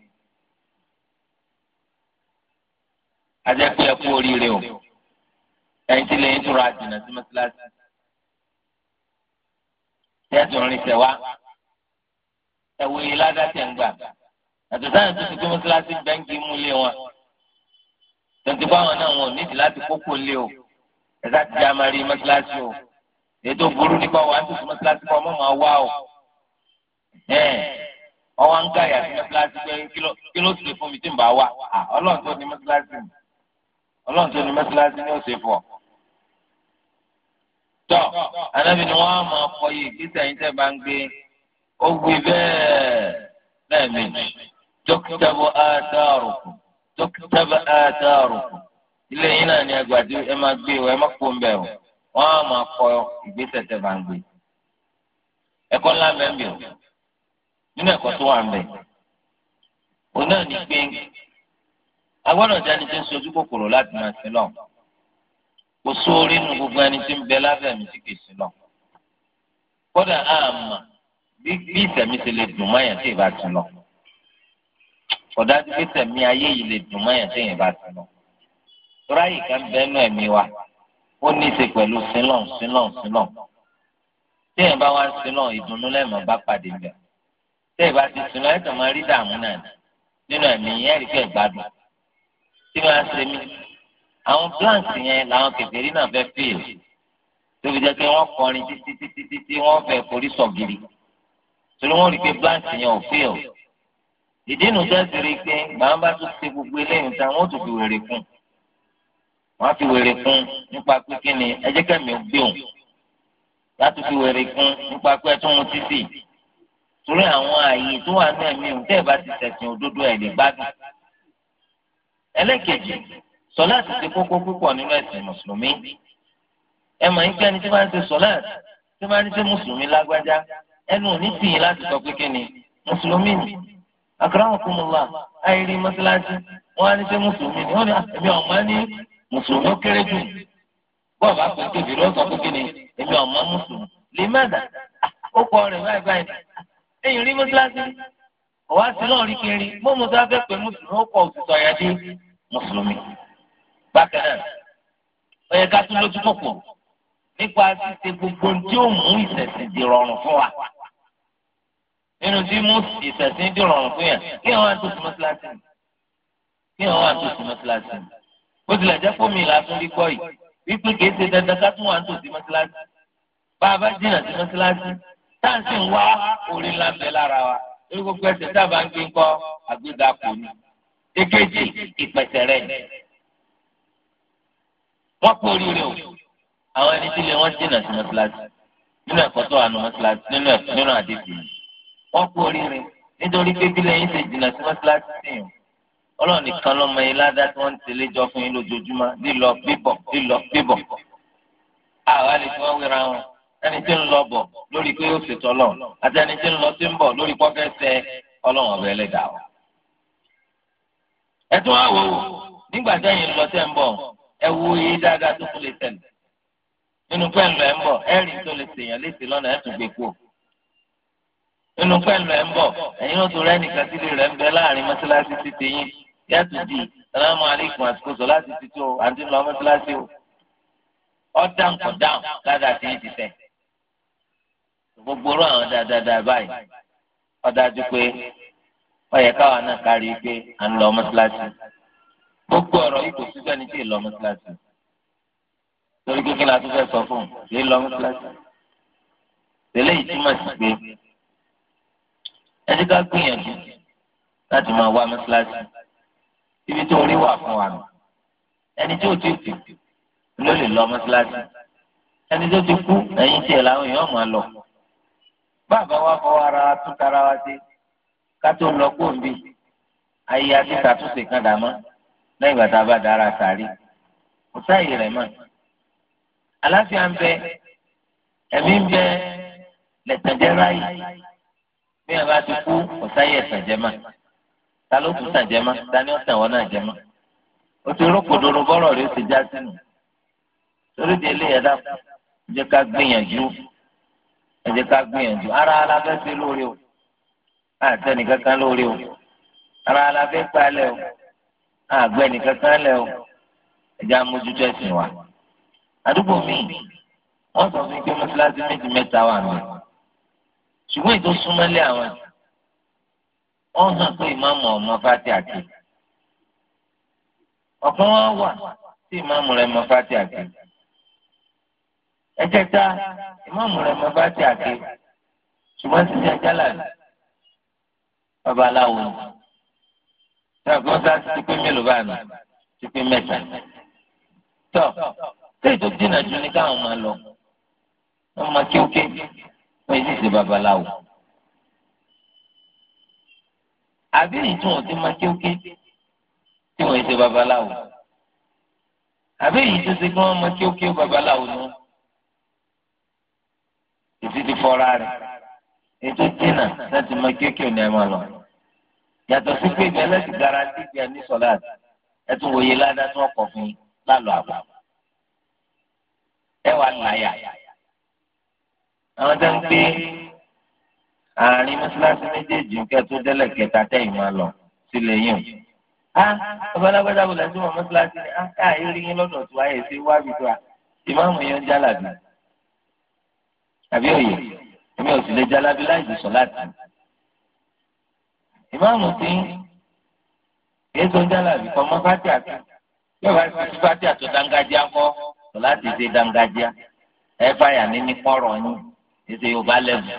ajẹ́ pé ẹ kú oríire o ẹ̀yin tí lè ń túra jìnnà sí mọ́tíláṣí tẹ́tù rìn sẹ́wà ẹwọ yìí ládàtẹ̀ ń gbà àtẹ̀sáyà tó ti gbé mọ́sálásí bẹ́ńkì mú lé wọn tẹ̀sí báwọn náà wọn ò nídìí láti kókó lé o ẹ̀sà ti dá máa rí mọ́sálásí o ètò burú nípa wàá tó mọ́sálásí kọ́ ọmọ máa wá o ọwọ́ ń ká yàtí mọ́sálásí pé kí ló ṣe fún mi tí n bá wà ọlọ́run tó ní mọ́sálásí mi ọlọ́run tó ní mọ́sálásí ni ó ṣe fún ọ. tọ́ anábìnrin wọn á máa kọ yìí kí sẹ́yìn tẹ́ bá ń gbé ó gbé bẹ́ẹ̀ lẹ́ẹ̀mejì dókítà bó ádáàrò kù dókítà bó ádáàrò kù ilé yín náà ni àgbàdo ẹ máa gbé o ẹ má kó ń bẹ̀ o wọ́n á máa kọ ìgbésẹ̀ tẹ̀ bá ń gbé ẹ̀kọ́ ńlá mẹ́mbì o nínú ẹ̀kọ́ tó wà ń bẹ̀ òun náà ní gbé agbọ́dọ̀ jáde tí ń sojú kòkòrò láti máa sí lọ kò sóorí nu gbogbo ẹni tí ń bẹ lábẹ́ mi tí kì sí lọ kódà á mà bí bí ìsẹ̀mí ṣe lè dùn mọ́yàn tí ìbá ti lọ ọ̀dájú pé sẹ̀mí ayé yìí lè dùn mọ́yàn tí ìbá ti lọ ráyì kan bẹ́ẹ̀nù ẹ̀mí wa ó ní í ṣe pẹ̀lú sílọ̀n sílọ̀n sílọ̀n tí ìyẹn bá wá ń sílọ̀n ìdùnnú lẹ́mọ̀ bá pàdé mẹ́ tí ìbá ti sílọ̀n ẹ̀tàn máa rí dààmú náà nínú ẹ̀mí yẹn rí fẹ́ gbádùn tí wọ́n á ṣe mí àwọn plants yẹn làwọn kèfèrí náà fẹ́ fèèlì tóbi jẹ́ pé wọ́n kọrin títí títí títí wọ́n fẹ́ forí sọ̀gìrì. So torí wọ́n rí i pé blank yẹn ò fail ìdí nu jẹ́sì rí i pé màá bá tún ṣe gbogbo eléyìí tán wọ́n tún fi wèrè kún wọ́n á fi wèrè kún nípa pé kí ni ẹ jẹ́ kẹ́mi ó gbé òun láti fi wèrè kún nípa pé ẹ tún mu títì torí àwọn ààyè tó wà ní ẹ̀mí òun tẹ́ bá ti tẹ̀sìn òdodo ẹ̀ lè gbádùn ẹlẹ́kejì sọláàtì ti kókó púpọ̀ nínú ẹ̀sìn mùsùlùmí ẹ mọ̀ ní kí ẹni tí wọ́n ti sọláàtì tí wọ́n ti mùsùlùmí lágbájá ẹnu òní tì yín láti sọ pé kí ni mùsùlùmí ni akramakumullah àìrí mọ́sálásí wọn á ní ṣe mùsùlùmí ni wọn ní àtẹ̀mí ah, ọ̀mọ́ ní mùsùlùmí ó kéré jù bọ́ọ̀ bá pè kébì ló sọ pé kí ni èmi ọ̀mọ́ mùsùlùmí lè má dà ó kọ rẹ̀ báyìí báyìí ẹ̀yìn rí mọ́sálásí ọ̀wá sí náà rí kiri bó mo sá fẹ́ pé mùsùlùmí ó kọ òtítọ́ ya dé mùsùlùmí bákan náà ó yẹ ká tún lójú nínú tí mo ìtẹ̀sí dìrọ̀rùn fún yẹn kí àwọn àtúntò mọ́síláṣí mi kí àwọn àtúntò mọ́síláṣí mi bó tilẹ̀ jẹ́ fún mi làásùn rí gbọ́ yìí wípé kìí ṣe dandan ká tún wà ń tòsí mọ́síláṣí bá a bá jìnnà sí mọ́síláṣí táǹsì ń wá orin lábẹ́ lára wa lórí gbogbo ẹsẹ̀ tá a bá ń gbé ńkọ́ àgbéga kò ní èkejì ìpẹ̀sẹ̀ rẹ̀ ni wọ́n kú oríire o àwọn ẹni tí ilé wọn jìnnà sí mọ́síláṣí nínú ẹ̀kọ́ tó wà nù mọ́síláṣí nínú àdéhùn yìí wọ́n kú oríire nítorí pé bí lẹ́yìn ṣe jìnnà sí mọ́ṣáláṣí sèyàn ọlọ́run nìkan lọ́mọ yín ládá tí wọ́n ń tẹ̀lé jọ fún yín lójoojúmọ́ lílọ bíbọ̀ lílọ bíbọ̀ àwa lè fi wọ́n wéra wọn ẹni tí ń lọ bọ̀ lórí pé yóò ṣètò ọlọ́run àti ẹni tí ń lọ sí ń bọ̀ lórí pọ́kẹ́sẹ̀ ọlọ́run ọ̀bẹ ẹlẹ́dàá wa. ẹ tún wá wò ó nígbà tẹ́yìn lọ tẹ́ ń bọ̀ ẹ wo iye dáadáa tó tún lè tẹ̀lé nínú pẹ́ńlọ ẹ̀ ń nínú pẹ̀lú ẹ̀ ń bọ̀ ẹ̀yin oṣù rẹ nìkan tí lè rẹ̀ ń bẹ láàrin mọ́ṣáláṣí ti tẹ̀yìn yàtọ̀ di salamu aleykum àsìkò sọ láti ti tó àti lọ mọ́ṣáláṣí o ọ̀dàn kò dáhùn ládàá tí yín ti tẹ̀. gbogbo orú àwọn dáadáa báyìí ọ̀dájú pé ọ̀yẹ̀ káwa náà kárí pé à ń lọ mọ́ṣáláṣí gbogbo ọ̀rọ̀ yìí síbẹ̀ ní tí ì lọ mọ́ṣáláṣí torí kékeré la tún fẹ́ sọ fún un kì í lọ mọ́ṣáláṣí ẹni ká gbìyànjú láti máa wá mọ́ṣáláṣí ibi tó rí wà fún wa nù ẹni tí ò ti kú ló lè lọ mọ́ṣáláṣí ẹni tó ti kú ẹ̀yìn tiẹ̀ làwọn èèyàn máa lọ bàbá wa fọwọ́ ara wa tún tara wa dé ká tó lọ kó nbí ayé àti tàtúnṣe kan dà mọ́ lẹ́yìn ìgbà tá a bá dára sàárì kò sáàyè rẹ̀ mọ́ àlàáfíà ń bẹ ẹ̀mí ń bẹ lẹ̀tẹ̀dẹ́ráyì bí ẹ bá ti kú ọ̀sáyé ẹ̀sán jẹ́mà ta ló kú sàn jẹ́mà ta ni ó sàn wọn náà jẹ́mà o ti rókòdoro bọ́rọ̀ rẹ ti já sínú torí di eléyà dáko ẹ jẹ́ ká gbìyànjú ẹ jẹ́ ká gbìyànjú ara ara fẹ́ ṣe lóore o àtẹnì kankan lóore o ara ara fẹ́ gbalẹ̀ o àgbẹ̀nì kankan lẹ̀ o ẹ jẹ́ amójútó ẹ̀sìn wa àdúgbò míì wọ́n sọ fún mi pé mọ́ṣáláṣí méjì mẹ́ta wà mí ṣùgbọ́n ètò súnmọ́lé àwọn wọn hàn pé ìmáàmù ọmọ fati àti ọ̀pọ̀ wọn wà tí ìmáàmù rẹ̀ mọ fati àti ẹ̀kẹta ìmáàmù rẹ̀ mọ fati àti ṣùgbọ́n ti ṣe jálà ní babaláwo ní ṣàgbọ́n sá ti pé mélòó bá nù ti pé mẹ́ta tọ́ tí ètò dínà jù ní káwọn máa lọ wọn máa kí ó kéde wọ́n yìí sì ṣe babaláwo. àbí ìtún ọ̀tí máa kéwké tí wọ́n yìí ṣe babaláwo. àbí èyí tó ṣe kí wọ́n máa kéwké babaláwo nù. ètò ti fọ́ra rẹ̀ ètò dínà láti máa kéwké ní ẹ̀ máa lọ. yàtọ̀ sí pé ìgbẹ́ lẹ́sìn garanti bí ẹni sọ̀lá ẹ̀ tún wòye ládàá tó ọkọ̀ fún yín lálọ́ àbá. ẹ wà láyà àwọn tó ń gbé àárín mọ́ṣáláṣí méjèèjì nǹkan tó délẹ̀ kẹta tẹ̀yìn máa lọ sílẹ̀ yìí o. a abalagbada bò lẹ́sìn wọn mọ́ṣáláṣí ni a ká eré yín lọ́dọ̀ tó ayé sí wá bí tó a ìmáàmù yẹn ń jálàbí àbí òye èmi ò sì lè jálàbí láì jù sọ láti. ìmáàmù ti ń èso ń jálàbí kọ́ mọ́ fátì àti yọ̀bá ti fátì àti dangájíá kọ́ sọ láti ṣe dangájíá ẹ fàyà ní ní kọ́rọ̀ yín títí yorùbá lẹ́bù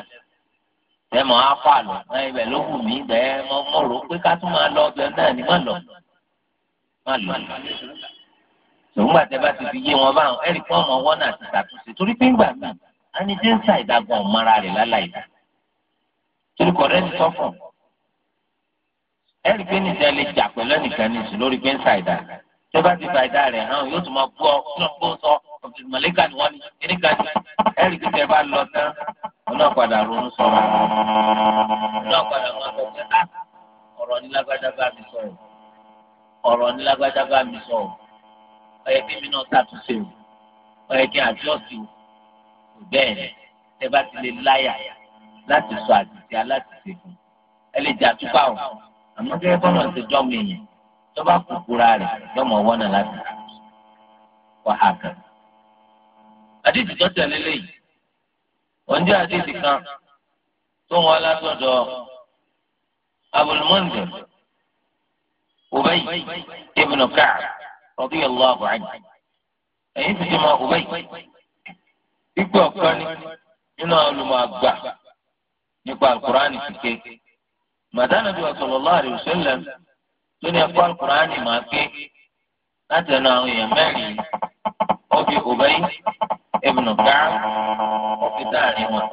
ẹ mọ̀ á fà lọ náà ibẹ̀ ló wù mí bẹ́ẹ̀ mọ mọ̀ rò pé ká tún máa lọ ọbẹ̀ náà ni má lọ má lọ sòwúmà tẹ bá ti fi yé wọn báwọn ẹ̀rí kí wọ́n mọ wọ́n náà ti ṣàtúnṣe torí pé ńgbà míì ẹni tí ń sa ìdágbọ̀n ọ̀mọ́ra rẹ̀ láláì dá torí kọ̀ rẹ́ni sọ fún ẹ̀rí pé nìjẹ́ lè jà pẹ̀lú ẹnìkan ní ìsìn lórí pé ń sa ìdá tẹ bá ti fa ìdá rẹ̀ hàn yóò tún máa bú ọ mọ̀lẹ́kà ni wọ́n ní kíní kan ní ẹ̀rí kí tẹ̀ bá lọ tán ọlọ́ọ̀ padà ronú sọ̀rọ̀ ọlọ́ọ̀ padà wọn sọ pé á ah, ọ̀rọ̀ ní lágbájá bá mi sọ̀rọ̀ ọ̀rọ̀ ní lágbájá bá mi sọ̀rọ̀ ọ̀yẹ́ kí mi náà ṣàtúnṣe o ọ̀yẹ́ kí àjọṣe o bẹ́ẹ̀ ni ẹ bá ti lè láyà láti sọ àtìsí aláṣìṣe fún ẹ lè jà túbà o àmọ́ kí ẹ bọ́nà ti dọ́mọ èèyàn tó bá kúkúra rẹ̀ lọ́mọ wọ́nà láti wàhálà àdìsí tó tẹ̀lé léyìí wọ́n jẹ́ àdìsí kan tó wọn alátọ̀dọ̀ Abul Ubay Ibnu Ka'b radiyallahu anhu ẹ̀yìn ti ti mọ Ubay gbígbé ọ̀kan ni nínú àwọn àgbà nípa alukur'ani kíké màdánà bí sallallahu alaihi tó ní ẹ̀kọ́ alukur'ani máa ké àwọn èèyàn mẹ́rin ibùnú káà ọ̀fi dáàrin wọn.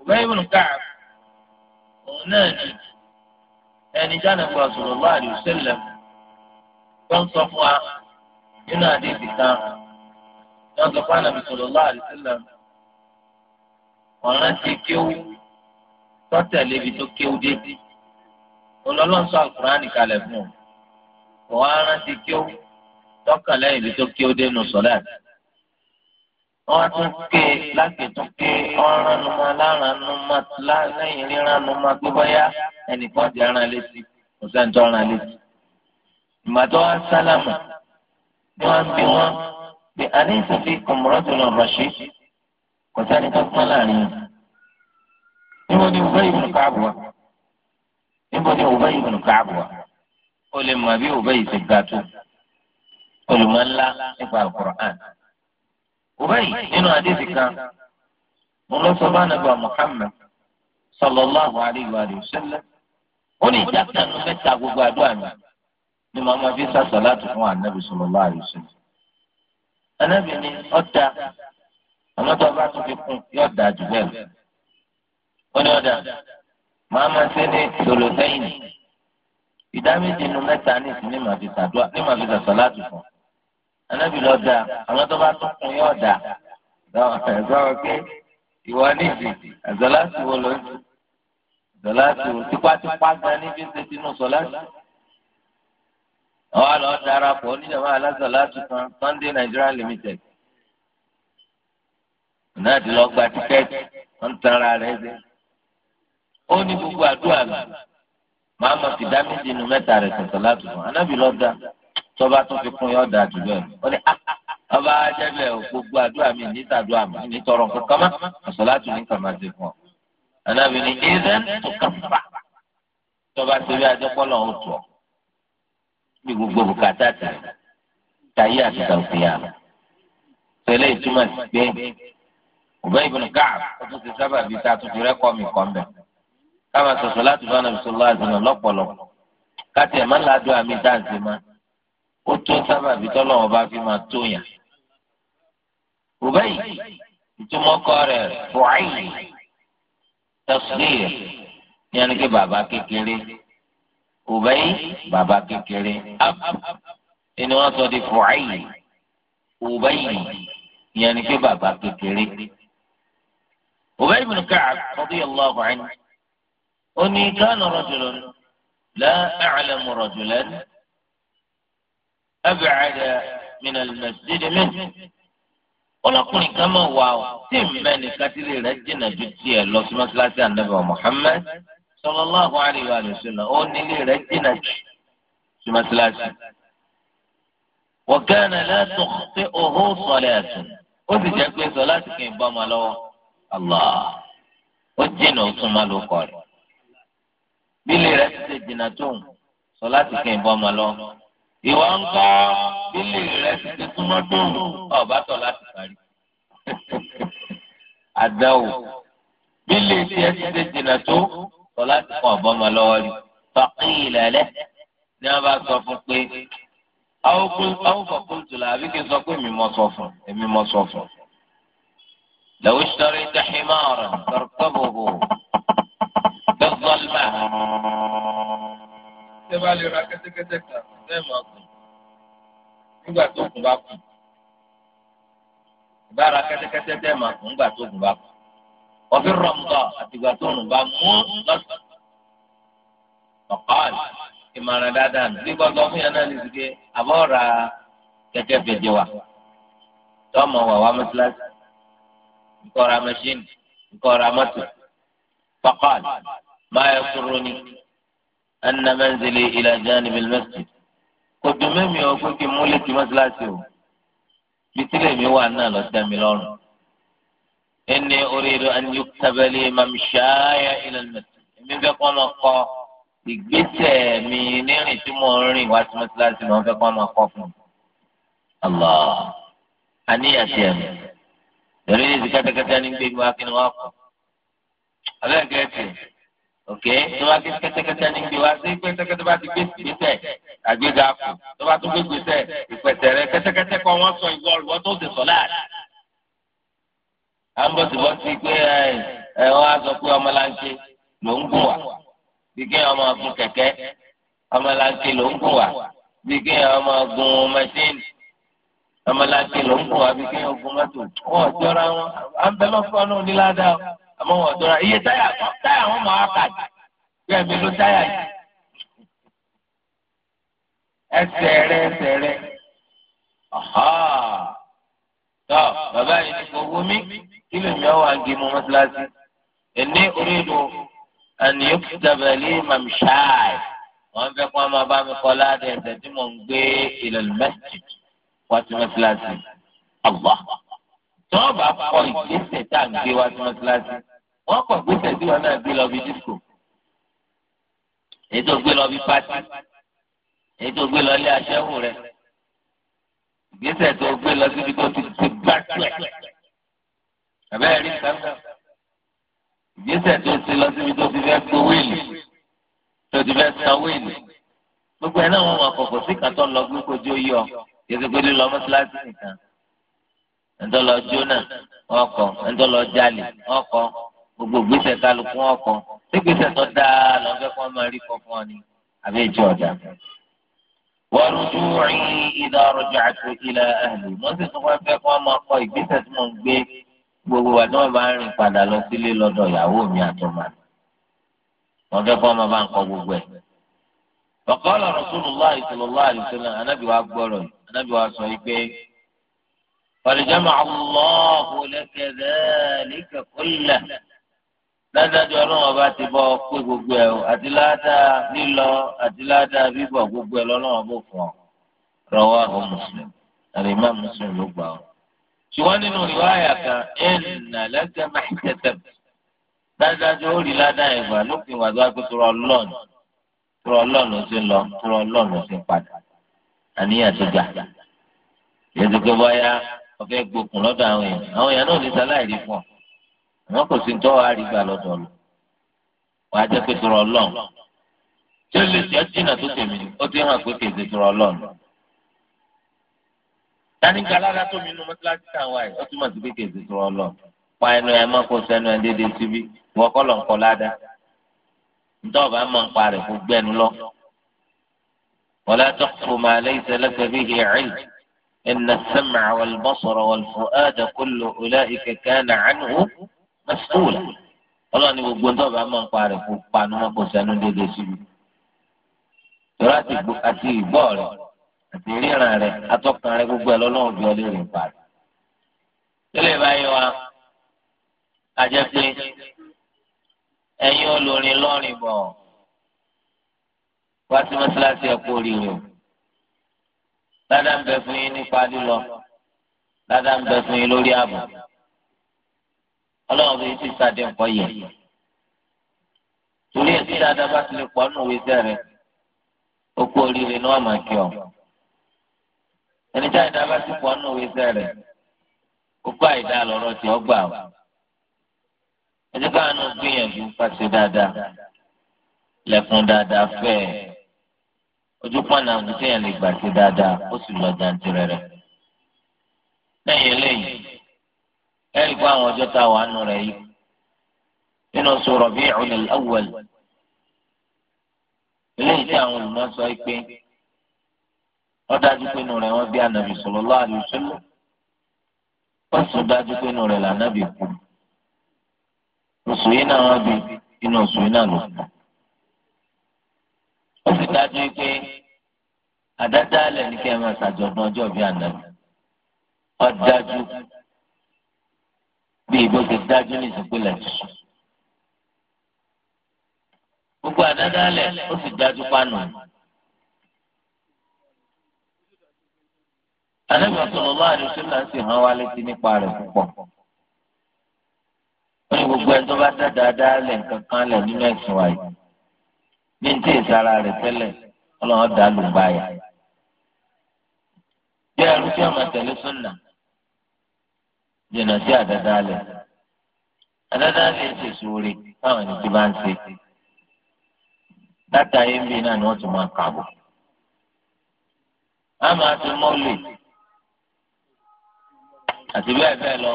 ọ̀bẹ ibùnú káà òun náà ni ẹni jáde fún sallallahu alaihi wasallam tó ń sọ fún wa nínú àdéhùn kan tó ń sọ fún ànàbì sallallahu alaihi wasallam ọ̀ràn ti kéwú tọ́tẹ̀lé ibi tó kéwú dé olólùsọ àkùránì kalẹ̀ fún un ti kéwú tọ́kànlẹ́yìn ibi tó kéwú dé nù sọ́láàtì wọn tún ké láti tún ké ọràn numọ láràn numọ lẹ́yìn ríran numọ gbígbọyà ẹnìkan ti ràn létí kò sẹ́ni tó ràn létí. ìgbàdo wa sálámù ni wọn bí wọn bí àdéhùn fi kòmùrọ́tò lọ rọ̀ṣí kò sẹ́ni tó pọ́n láàrin yìí. níbo ni Ubay ibn Ka'b wà níbo ni Ubay ibn Ka'b wà ó lè mọ bí Ubay ti ga tó olùmọ̀ ńlá nípa Al-Qur'an. Ubay nínú àdéhìí kan òun ló sọ bá nàbà Muhammad sallallahu alayhi wa sallam ó ní ìjà kanu mẹ́ta gbogbo àdúrà mi ni màmá fi sàṣọ láti fún ànábì sallallahu alayhi wa sallam. ànábì ni ọ̀dà àmọ́ tó bá tún fi kún yóò dà jù bẹ́ẹ̀ lọ. ó ní ọ̀dà màá máa ṣe ní tòlótẹ́yìn ìdá méjì nu mẹ́ta ní ìsìn ní màá fi sàṣọ láti fún un anábì lọ da àwọn tó bá tún kún yóò da ẹ̀sọ́rọ̀ pé ìwọ níbi àzọ́láṣí wo ló ń tu àzọ́láṣí wo tipátipá gan níbi ṣe tinú sọ́láṣí. àwọn àlọ́ darapọ̀ oníjàmbá alásọ̀láṣí kan Sunday Nigeria Limited náà ti lọ gba tíkẹ́ẹ̀tì wọ́n tara rẹ̀ ṣe. ó ní gbogbo àdúrà mi màá mọ̀ fìdá méjì nu mẹ́ta rẹ̀ sọ̀tọ̀ láti fún anábì lọ́ọ́ da tọba tó fi kún yọ da jù bẹ́ẹ̀ ó ní ah, ah, ah, ọba ajẹbẹ gbogbo àdúrà mi nítàdúrà mi nítorọ nǹkan kan mọ àsọláàtù ní kàmá ti fún ọ anábì ní ẹzẹn tó kàn fà tọba ti rí ajẹpọlọ ń tọ bí gbogbo bùkátà tì tàyé àti tàwùfìyà tẹlẹ ìtumọ̀ sí pé Ubay ibn Ka'b ó tún ti sábà bíi ta tuntun rẹ kọ́ mi kọ́ mbẹ́ káwọn sọ̀sọ̀ láti bá nàbìsọ̀ lọ́wọ́ àti lọ́pọ̀lọpọ̀ káti ẹ̀ má ń ládùn àmì dáǹsì máa ó tó sábàbí tọ́lọ́wọ́n bá fi máa tó yàn. Ubayi ìtumọ̀ kọ́ rẹ̀ fùáyì tasghir ní ẹni pé bàbá kékeré Ubayi bàbá kékeré ab ẹni wọ́n sọ di fùáyì Ubayi ní ẹni pé bàbá kékeré. Ubayi bin Ka'ab radiyallahu anhu ó ní kana rajulun la a'lamu rajulan. أبعد من المسجد منه ọlọkùnrin kan máa wà ó tí mbẹ nìkan ti lè rẹ jìnnà ju tiẹ̀ lọ sí mọ́sálásí ànábì Muhammad sallallahu alaihi wa sallam ó nílé rẹ jìnnà jù sí mọ́sálásí. wa kana la tukhti'uhu salatu ó allah ìwọ ń kọ́ ilé rẹ ti ti súnmọ́ dùn ọba tọ̀ láti parí. àdáwò ilé tiẹ̀ ti ti jìnnà tó tọ̀ láti kọ́ ọ̀bọ ọmọ lọ́wọ́ rí fàkín ìlẹ̀lẹ̀ ni wọ́n bá sọ fún pé àwọn fọkùn tù làbí kí n sọ pé èmi mọ sọ fún èmi mọ sọ fún. لو اشتريت حمارا تركبه بالظلمة. تبالي راكتك تكتب. fẹ́ mọ̀ ọkùn nígbà tó kùn bá kùn ìbára kẹ́tẹ́kẹ́tẹ́ tẹ́ mọ̀ ọkùn nígbà tó kùn bá kùn ọ̀fẹ́ àti ìgbà tó rùn bá mú lọ́sàn. ọ̀páàlì ìmọ̀ràn dáadáa nù bí gbọ́dọ̀ fún yẹn náà ní sike àbọ̀ kẹ̀kẹ́ bèjì wa tọ́mọ wà wá mọ́sálásí nkọ́ra ra nkọ́ra mọ́tò ra máa yẹ kúrò ní أن منزلي إلى جانب المسجد kòtò mẹ́mi ọ pé kí n múlẹ̀ kí mọ́sálásí o bí tílẹ̀ mi wà náà lọ dá mi lọ́rùn. ẹni oríire ẹni tábẹ́lì mamṣáyà ìlànàmẹ́tì èmi fẹ́ kọ́ ọmọ kọ ìgbésẹ̀ mi nírìn tí mo rìn wá sí mọ́sálásí mo fẹ́ kọ́ ọmọ kọ fún un. àlọ́ àníyàn tiẹ̀ mi lórí ní ti ní gbé mi wá kí ni wọ́n òkè tó bá ti kẹtẹkẹtẹ ní gbé wá sí kẹtẹkẹtẹ bá ti gbé gbèsè àgbéga kù tó bá tún gbé gbèsè ìpẹtẹ rẹ kẹtẹkẹtẹ kọ wọn sọ ìwọ ìwọ tó ti sọ láàrin. à ń bọ̀ síbọ̀ sí pé ẹ wọ́n á sọ pé ọmọlanke ló ń gùn wá bí kí ọmọ gun kẹ̀kẹ́ ọmọlanke ló ń gùn wá bí kí ọmọ gun mẹsìnì ọmọlanke ló ń gùn wá bí kí ọmọ gun mọ́tò àmọ́ wọn tó ra iye táyà táyà wọn mọ̀ á kà jù bí ẹ̀mí ló táyà yìí. ẹsẹ̀ rẹ ẹsẹ̀ rẹ tọ́ bàbá yìí ni kò wọ́n mi kí lè mi ọ̀wá gé mu mọ́sálásí ẹni orí ìlú àní ìdàbẹ̀lì màmṣáì wọ́n fẹ́ kó ọmọ bá mi kọ́ láti ẹsẹ̀ tí mò ń gbé ìlànà mẹ́sìtì wá sí mọ́sálásí. Allah tọ́ bá kọ ìgbésẹ̀ tá à ń gbé wá sí mọ́sálásí wọ́n kọ̀ gbé tẹ̀sí wọn náà gbé lọ bí disco èyí tó gbé lọ bí pati èyí tó gbé lọ lé aṣẹ́wó rẹ ìgbésẹ̀ tó gbé lọ síbi tó ti ti bá tuẹ̀ abẹ́rẹ́ rí sáńgá ìgbésẹ̀ tó ti lọ síbi tó ti fẹ́ gbowó èlé tó ti fẹ́ sanwó èlé gbogbo ẹ̀ náà wọn àkọ́kọ́ sí kàtọ́ lọ gbé kojú yọ yẹtùgbẹ́lẹ́ lọ mọ́sálásí nìkan ẹ̀ńtọ́ lọ jóná ọkọ̀ ẹ̀ńtọ́ lọ jálè ọkọ̀ gbogbo gbèsè kálukú wọn kọ ṣé gbèsè tó dáa lọ fẹ́ kó máa rí kọ fún ọ ni àbí ìjọ ọ̀dà. wọ́n rújú rí ìdá ọ̀rọ̀jọ́ àti ilẹ̀ ẹ̀lú wọ́n sì tún wá fẹ́ kó máa kọ ìgbésẹ̀ tí mò ń gbé gbogbo wa tí wọ́n bá ń rìn padà lọ sílé lọ́dọ̀ ìyàwó mi àtọ́mà wọ́n fẹ́ kó máa bá ń kọ gbogbo ẹ̀. فقال رسول الله صلى الله عليه وسلم أنا بأكبر أنا بأصحابي قد جمع الله لك ذلك كله dájúdájú ọlọ́run ọba ti bọ́ pé gbogbo ẹ̀ o àti ládàá lílọ àti ládàá bíbọ̀ gbogbo ẹ̀ lọ́lọ́run ọba fún ọ rọwọ́ àwọn mùsùlùmí àlè má mùsùlùmí ló gbà ọ. ṣùgbọ́n nínú ìwà àyà kan ẹ̀ẹ́nà lẹ́sẹ̀ máa ń tẹ̀tẹ̀ dájúdájú ó rí ládàá ẹ̀gbà lópin ìwà tó wá pé tọrọ ọlọ́ọ̀nù tọrọ ọlọ́ọ̀nù ó ti lọ tọrọ ọlọ́ọ̀nù ti padà àníyàn ti gbà yẹ wọn kò sí tọ́ àrígbà lọ́dọ̀ lọ wọn á jẹ́ pé tọrọ ọlọ́run tí ó lè jẹ́ jìnnà tó tèmi ó ti hàn pé kèsì tọrọ ọlọ́run tani galára tó mi nu mọ́tíláṣí táwa yìí ó túmọ̀ sí pé kèsì tọrọ ọlọ́run pa ẹnu ẹ mọ́ kó sẹ́nu ẹ dédé síbí wọ́n kọ́ lọ́n kọ́ ládàá ntọ́ ọba mọ̀ nípa rẹ̀ kó gbẹ́nu lọ. wala taqfu ma laysa laka bihi ilm inna as-sam'a wal-basara wal-fu'ada kullu ula'ika kana 'anhu mọ́sítúùl ọlọ́run ni gbogbo ńdọ́ bá máa ń pa kó panu wọn kò sẹ́nu déédéé síbi. ìrọ̀ àti ìgbọ́ rẹ̀ àti ríran rẹ̀ atọ́kan rẹ̀ gbogbo ẹ̀ lọ́lọ́run bí ọlẹ́ rìn pa rẹ̀. tẹ́lẹ̀ báyìí wa a jẹ́ pé ẹ̀yin olórin lọ́rin bọ̀ wá sí mọ́sálásí ẹ̀kọ́ oríire o. ládàá ń bẹ fún yín nípa lílọ ládàá ń bẹ fún yín lórí ààbò ọlọ́run bíi ti sáde nǹkan yẹ torí ẹ̀ tí dáadáa bá ti lè pọ̀ nù wíṣẹ́ rẹ̀ ó kú oríire ní ọ̀mà kí ọ ẹni tí àìdá bá ti pọ̀ nù wíṣẹ́ rẹ̀ ó kú àìdá lọ́rọ̀ tí ó gbà ó ẹni káàánú gbìyànjú pàṣẹ dáadáa lẹ́kùn dáadáa fẹ́ẹ̀ ojú pọ̀nà àgùntàn lè gbà sí dáadáa ó sì lọ jàǹtìrẹrẹ lẹ́yìn eléyìí ẹ̀rí fún àwọn ọjọ́ tá a wà nù rẹ̀ yìí nínú oṣù Rabi'ul Awwal eléyìí tí àwọn olùmọ̀ sọ pé wọ́n dájú pé nù rẹ̀ wọ́n bí ànábì sallallahu alaihi wasallam wọ́n sì dájú pé nù rẹ̀ lànàbì kú oṣù yìí náà wọ́n bí inú oṣù yìí náà ló kù ó sì dájú pé àdádálẹ̀ ní kí ẹ máa ṣàjọ̀dún ọjọ́ bí ànábì ó bí ìbò ti dájú ní ìsìnkúlẹ̀ tuntun. gbogbo àdádálẹ̀ ó sì dájú pánù. àlejò sọ̀rọ̀ bá àdúgbò náà sì hàn wá létí nípa rẹ̀ púpọ̀. wọ́n ní gbogbo ẹni tó bá dá dáadáalẹ̀ kankan lẹ̀ nínú ẹ̀sìn wáyé ní ti ìsara rẹ̀ tẹ́lẹ̀ ọlọ́run dá lù báyà. bí ẹrú tí ọmọ tẹ̀lé sùn jìnnà sí àdáda alẹ̀ àdáda alẹ̀ ṣe sóore táwọn ẹni tí bá ń ṣe dáta ayé ń bí náà ni wọ́n ti máa kààbọ̀ á máa ti mọ́lẹ̀ àti bẹ́ẹ̀ bẹ́ẹ̀ lọ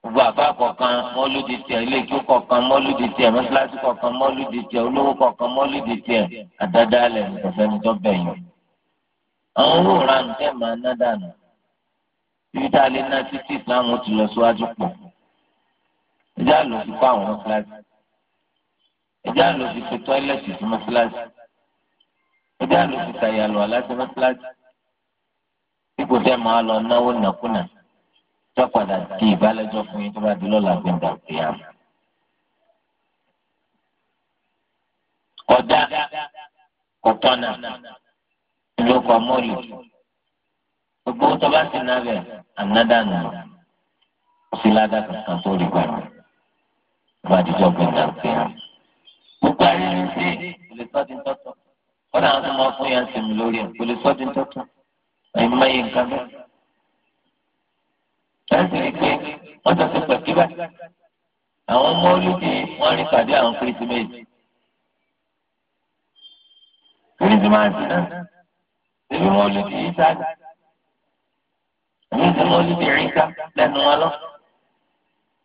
gbogbo àbá kọ̀ọ̀kan mọ́lúdi tiẹ̀ iléejú kọ̀ọ̀kan mọ́lúdi tiẹ̀ mọ́sálásí kọ̀ọ̀kan mọ́lúdi tiẹ̀ olówó kọ̀ọ̀kan mọ́lúdi tiẹ̀ àdáda alẹ̀ nìkan fẹ́mi tó bẹ̀yìn àwọn owó ìranù máa ná dànù ibi tá a lè ná títí islam ti lọ síwájú pọ̀ ẹjẹ́ àlọ́ fi kọ́ àwọn mọ́sálásí ẹjẹ́ àlọ́ fi fi tọ́ílẹ̀tì sí mọ́sálásí ẹjẹ́ àlọ́ fi tàyàlọ́ aláṣẹ mọ́sálásí ipò tẹ́ máa lọ náwó nàkúnà tó padà di ìbálẹ́jọ́ fún yín tó bá di lọ́la gbẹ̀ngà ìyàmù. ọ̀dà kọ̀tọ́nà ló kọ́ mọ́lì gbogbo wọn tó bá sì ná bẹ ànádànù sí ládàá kankan tó rí gbà mí wọn àdìjọ gbẹngàn gbẹngàn gbogbo ayé ń ṣe kò lè sọ́ọ́dún tọ́tọ̀ kọ́dà àwọn tó máa fún yàn sí mi lórí ẹ̀ kò lè sọ́ọ́dún tọ́tọ̀ ẹ̀ má yẹ nǹkan bẹ́ẹ̀. láti rí i pé wọ́n tọ́ sí pẹ̀kíbà àwọn ọmọ olùdí wọn rí pàdé àwọn kérésìmẹ́sì. kérésìmẹ́sì náà ṣe bí olùdí yìí sáájú ní ti mọ̀lídì ìrìnsá lẹ́nu wọn lọ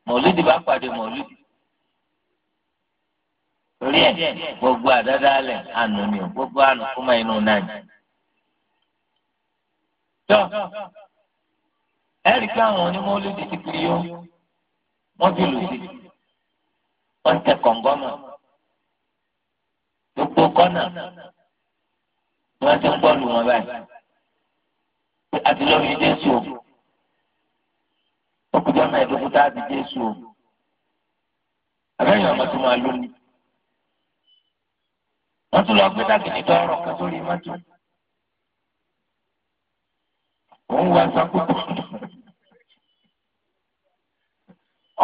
mọ̀lídì bá pàdé mọ̀lídì torí ẹ̀ gbogbo àdádálẹ̀ àánú ni o gbogbo àánú kó máa inú náà ni. tó ẹ̀rí pé àwọn onímọ̀lídì ti kiri yó wọ́n fi lù sí wọ́n tẹ kọ̀ǹgọ́mọ̀ gbogbo kọ́nà wọ́n ti ń bọ́ọ̀lù wọn báyìí àti lórí jésù òkùnjọ́ mẹ́ẹ̀ẹ́dógún tá a ti jésù àbẹ́yìn ọmọ tó máa lónìí wọ́n tún lọ gbé dàgìdì tọrọ kan sórí mọ́tò òun wá sákòtò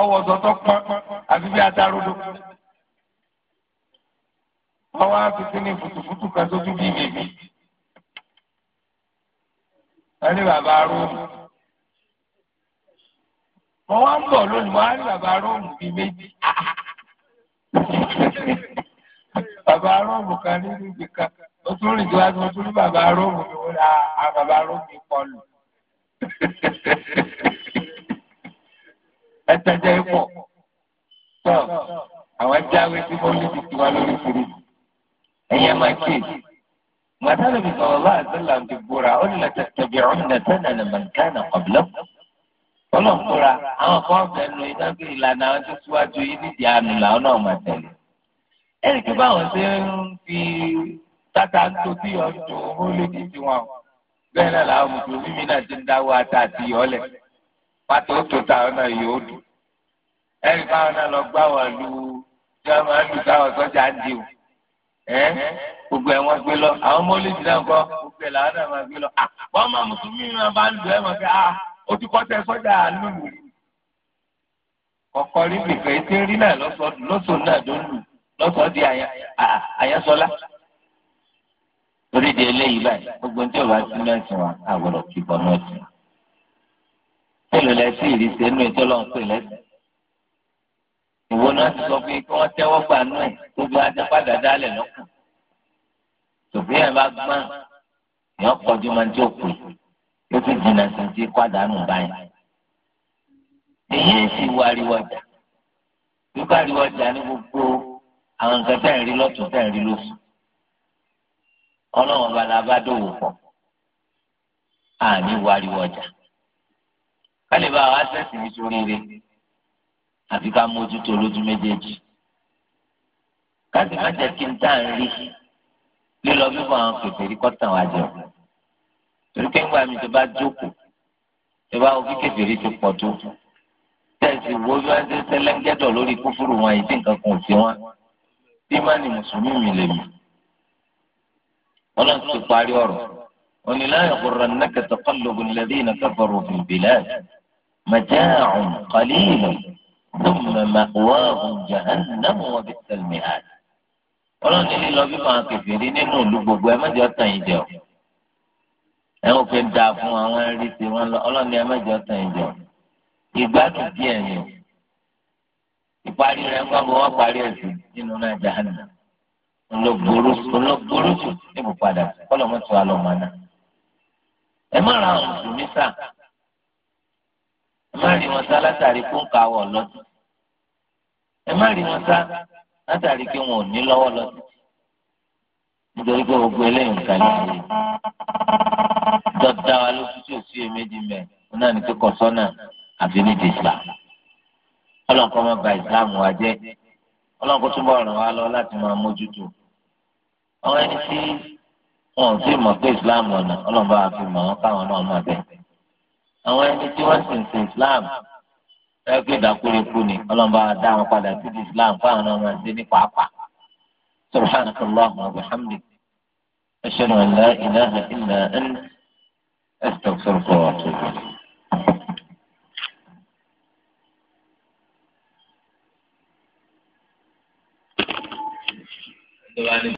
ọwọ́ sọtọ pọn àfi bí atarodo ọwọ́ àfi sí ní fùtùfùtù kan sójú bíi bèbí wọ́n rí bàbá róòmù. mo wá ń bọ̀ lónìí wọ́n á rí bàbá róòmù bíi méjì. bàbá róòmù kan nínú ibi kan ó tún rìn tí wá sí wọ́n tún rí bàbá róòmù ni wọ́n ra bàbá róòmù kọlù. ẹ tẹ́jẹ́ pọ̀ àwọn jáwé tí wọ́n ní ti tiwa lórí kiri ẹ̀yẹ́ máa kéèké màtá nàbì صلى الله عليه وسلم búra ó ní lọ́tẹ̀ tẹ̀bí ọ̀hún nà sẹ́nà nà màǹkà nà kọ̀bílẹ̀. ọlọ́mùbúra àwọn kan fẹ́ nu iná bí ìlànà àwọn tó síwájú yìí nídìí àánú làwọn náà máa tẹ̀lé. ẹnì kí báwọn ṣe ń fi tata ń tó bí ọdún owó lédè tiwọn bẹ́ẹ̀ náà làwọn mùsùlùmí mi náà ti ń dáwọ́ ata àti ìyọ́lẹ̀ pàtó tó táwọn náà yóò dùn. ẹnì báwọn náà lọ gbáwọn lu jẹ́ ẹ gbogbo ẹ wọn gbé lọ àwọn mọlẹsì náà kọ gbogbo ẹ làwọn náà máa gbé lọ à ah, wọn máa mùsùlùmí náà bá ń lù ẹ máa fi à ah, ó ti kọ́ tẹ sọ́jà lùlù kọ̀kọ́ rí bìkẹ́ tí ń rí náà lọ́sọ̀ọ́ náà ló ń lù lọ́sọ̀ọ́ di àyàsọ́lá torí di eléyìí báyìí gbogbo ní ọba tí wọn ti wà àwòrán kíkọ náà ti tẹ́lẹ̀ lẹ́sìn ìrìsẹ́ nínú ìtọ́lọ́hún pè lẹ́sìn ìwọ náà ti sọ pé kí wọ́n tẹ́wọ́ gbà nù ẹ̀ gbogbo adápadà dálẹ̀ lọ́kàn tòbí ẹ̀ bá gbọ́n èèyàn kọjú máa ń tí ò pè ó sì jìnnà sí ti pàdánù báyìí èyí sì wá ariwọjà dúkà ariwọjà ní gbogbo àwọn nǹkan tẹ̀ ń rí lọ́tún tẹ̀ ń rí lóṣù ọlọ́run ọba bá dòwò pọ̀ àní wá ariwọjà kálí wa sẹ́sìn nítorí rẹ̀ àfi ká mójútó lójú méjèèjì káàdì má jẹ́ kí n tá à ń rí lílọ bíbọn àwọn kèfèrí kọ́tàn wá jẹ torí pé ńgbà mi tó bá jókòó tó bá wo bí kèfèrí ti pọ̀ tó tẹ̀sí wo bí wọ́n ti sẹ́lẹ̀ńgẹ́dọ̀ lórí kúfúrú wọn yìí tí nǹkan kan ò sí wọn bí má ni mùsùlùmí mi lè mí wọn náà ti parí ọ̀rọ̀ wọn ni láyọ̀ kúrò náà kẹtàkọ́ lógun lẹ́dí ìnàkẹ́fọ̀rọ̀ òfin bìlẹ̀ mẹ́tẹ́ àwọn kọ́lí ìlú. ثم مأواهم جهنم وبئس المهاد ọlọ́run ní lílọ bí máa kẹfìrí nínú ìlú gbogbo ẹ mẹ́jọ tàn yín jẹ o ẹ ò fi dáa fún àwọn ẹrí tí wọ́n lọ ọlọ́run ní ẹ mẹ́jọ tàn yín jẹ o ìgbádùn díẹ̀ ni o ìparí rẹ̀ ń bá bọ́ wọ́n parí ẹ̀sìn nínú náà jahannam olóògbóró jù níbo padà kọ́lọ́mọ́tò alọ́mọ́ná ẹ má ra àwọn mùsùlùmí sáà ẹ má rí wọn sá látàrí kóńkà wọ lọdún ẹ má rí wọn sá látàrí pé wọn ò ní lọ́wọ́ lọdún nítorí pé gbogbo eléyìí nǹkan ló ṣe dọ́dá wa ló tútù sí èméjì mẹ́ ọ náà ní pé kọ̀sọ́nà àfi ní di Islam ọlọ́nkọ́ máa ba Islam wa jẹ́ ọlọ́nkọ́ túbọ̀ ràn wá lọ láti máa mójútó àwọn ẹni tí wọn ò tí mọ̀ pé Islam ọ̀nà ọlọ́nba àfi mọ̀ káwọn náà máa bẹ̀rẹ̀ àwọn ẹni tí wọ́n sì ń sin islam ẹ pé ìdákúrekú ni ọlọ́mọba dá wọn padà sí islam fáwọn ọmọ ẹ̀sìn ní pàápàá subhanak Allah, wa bihamdik ashhadu an ilaha illa anta astaghfiruka wa atubu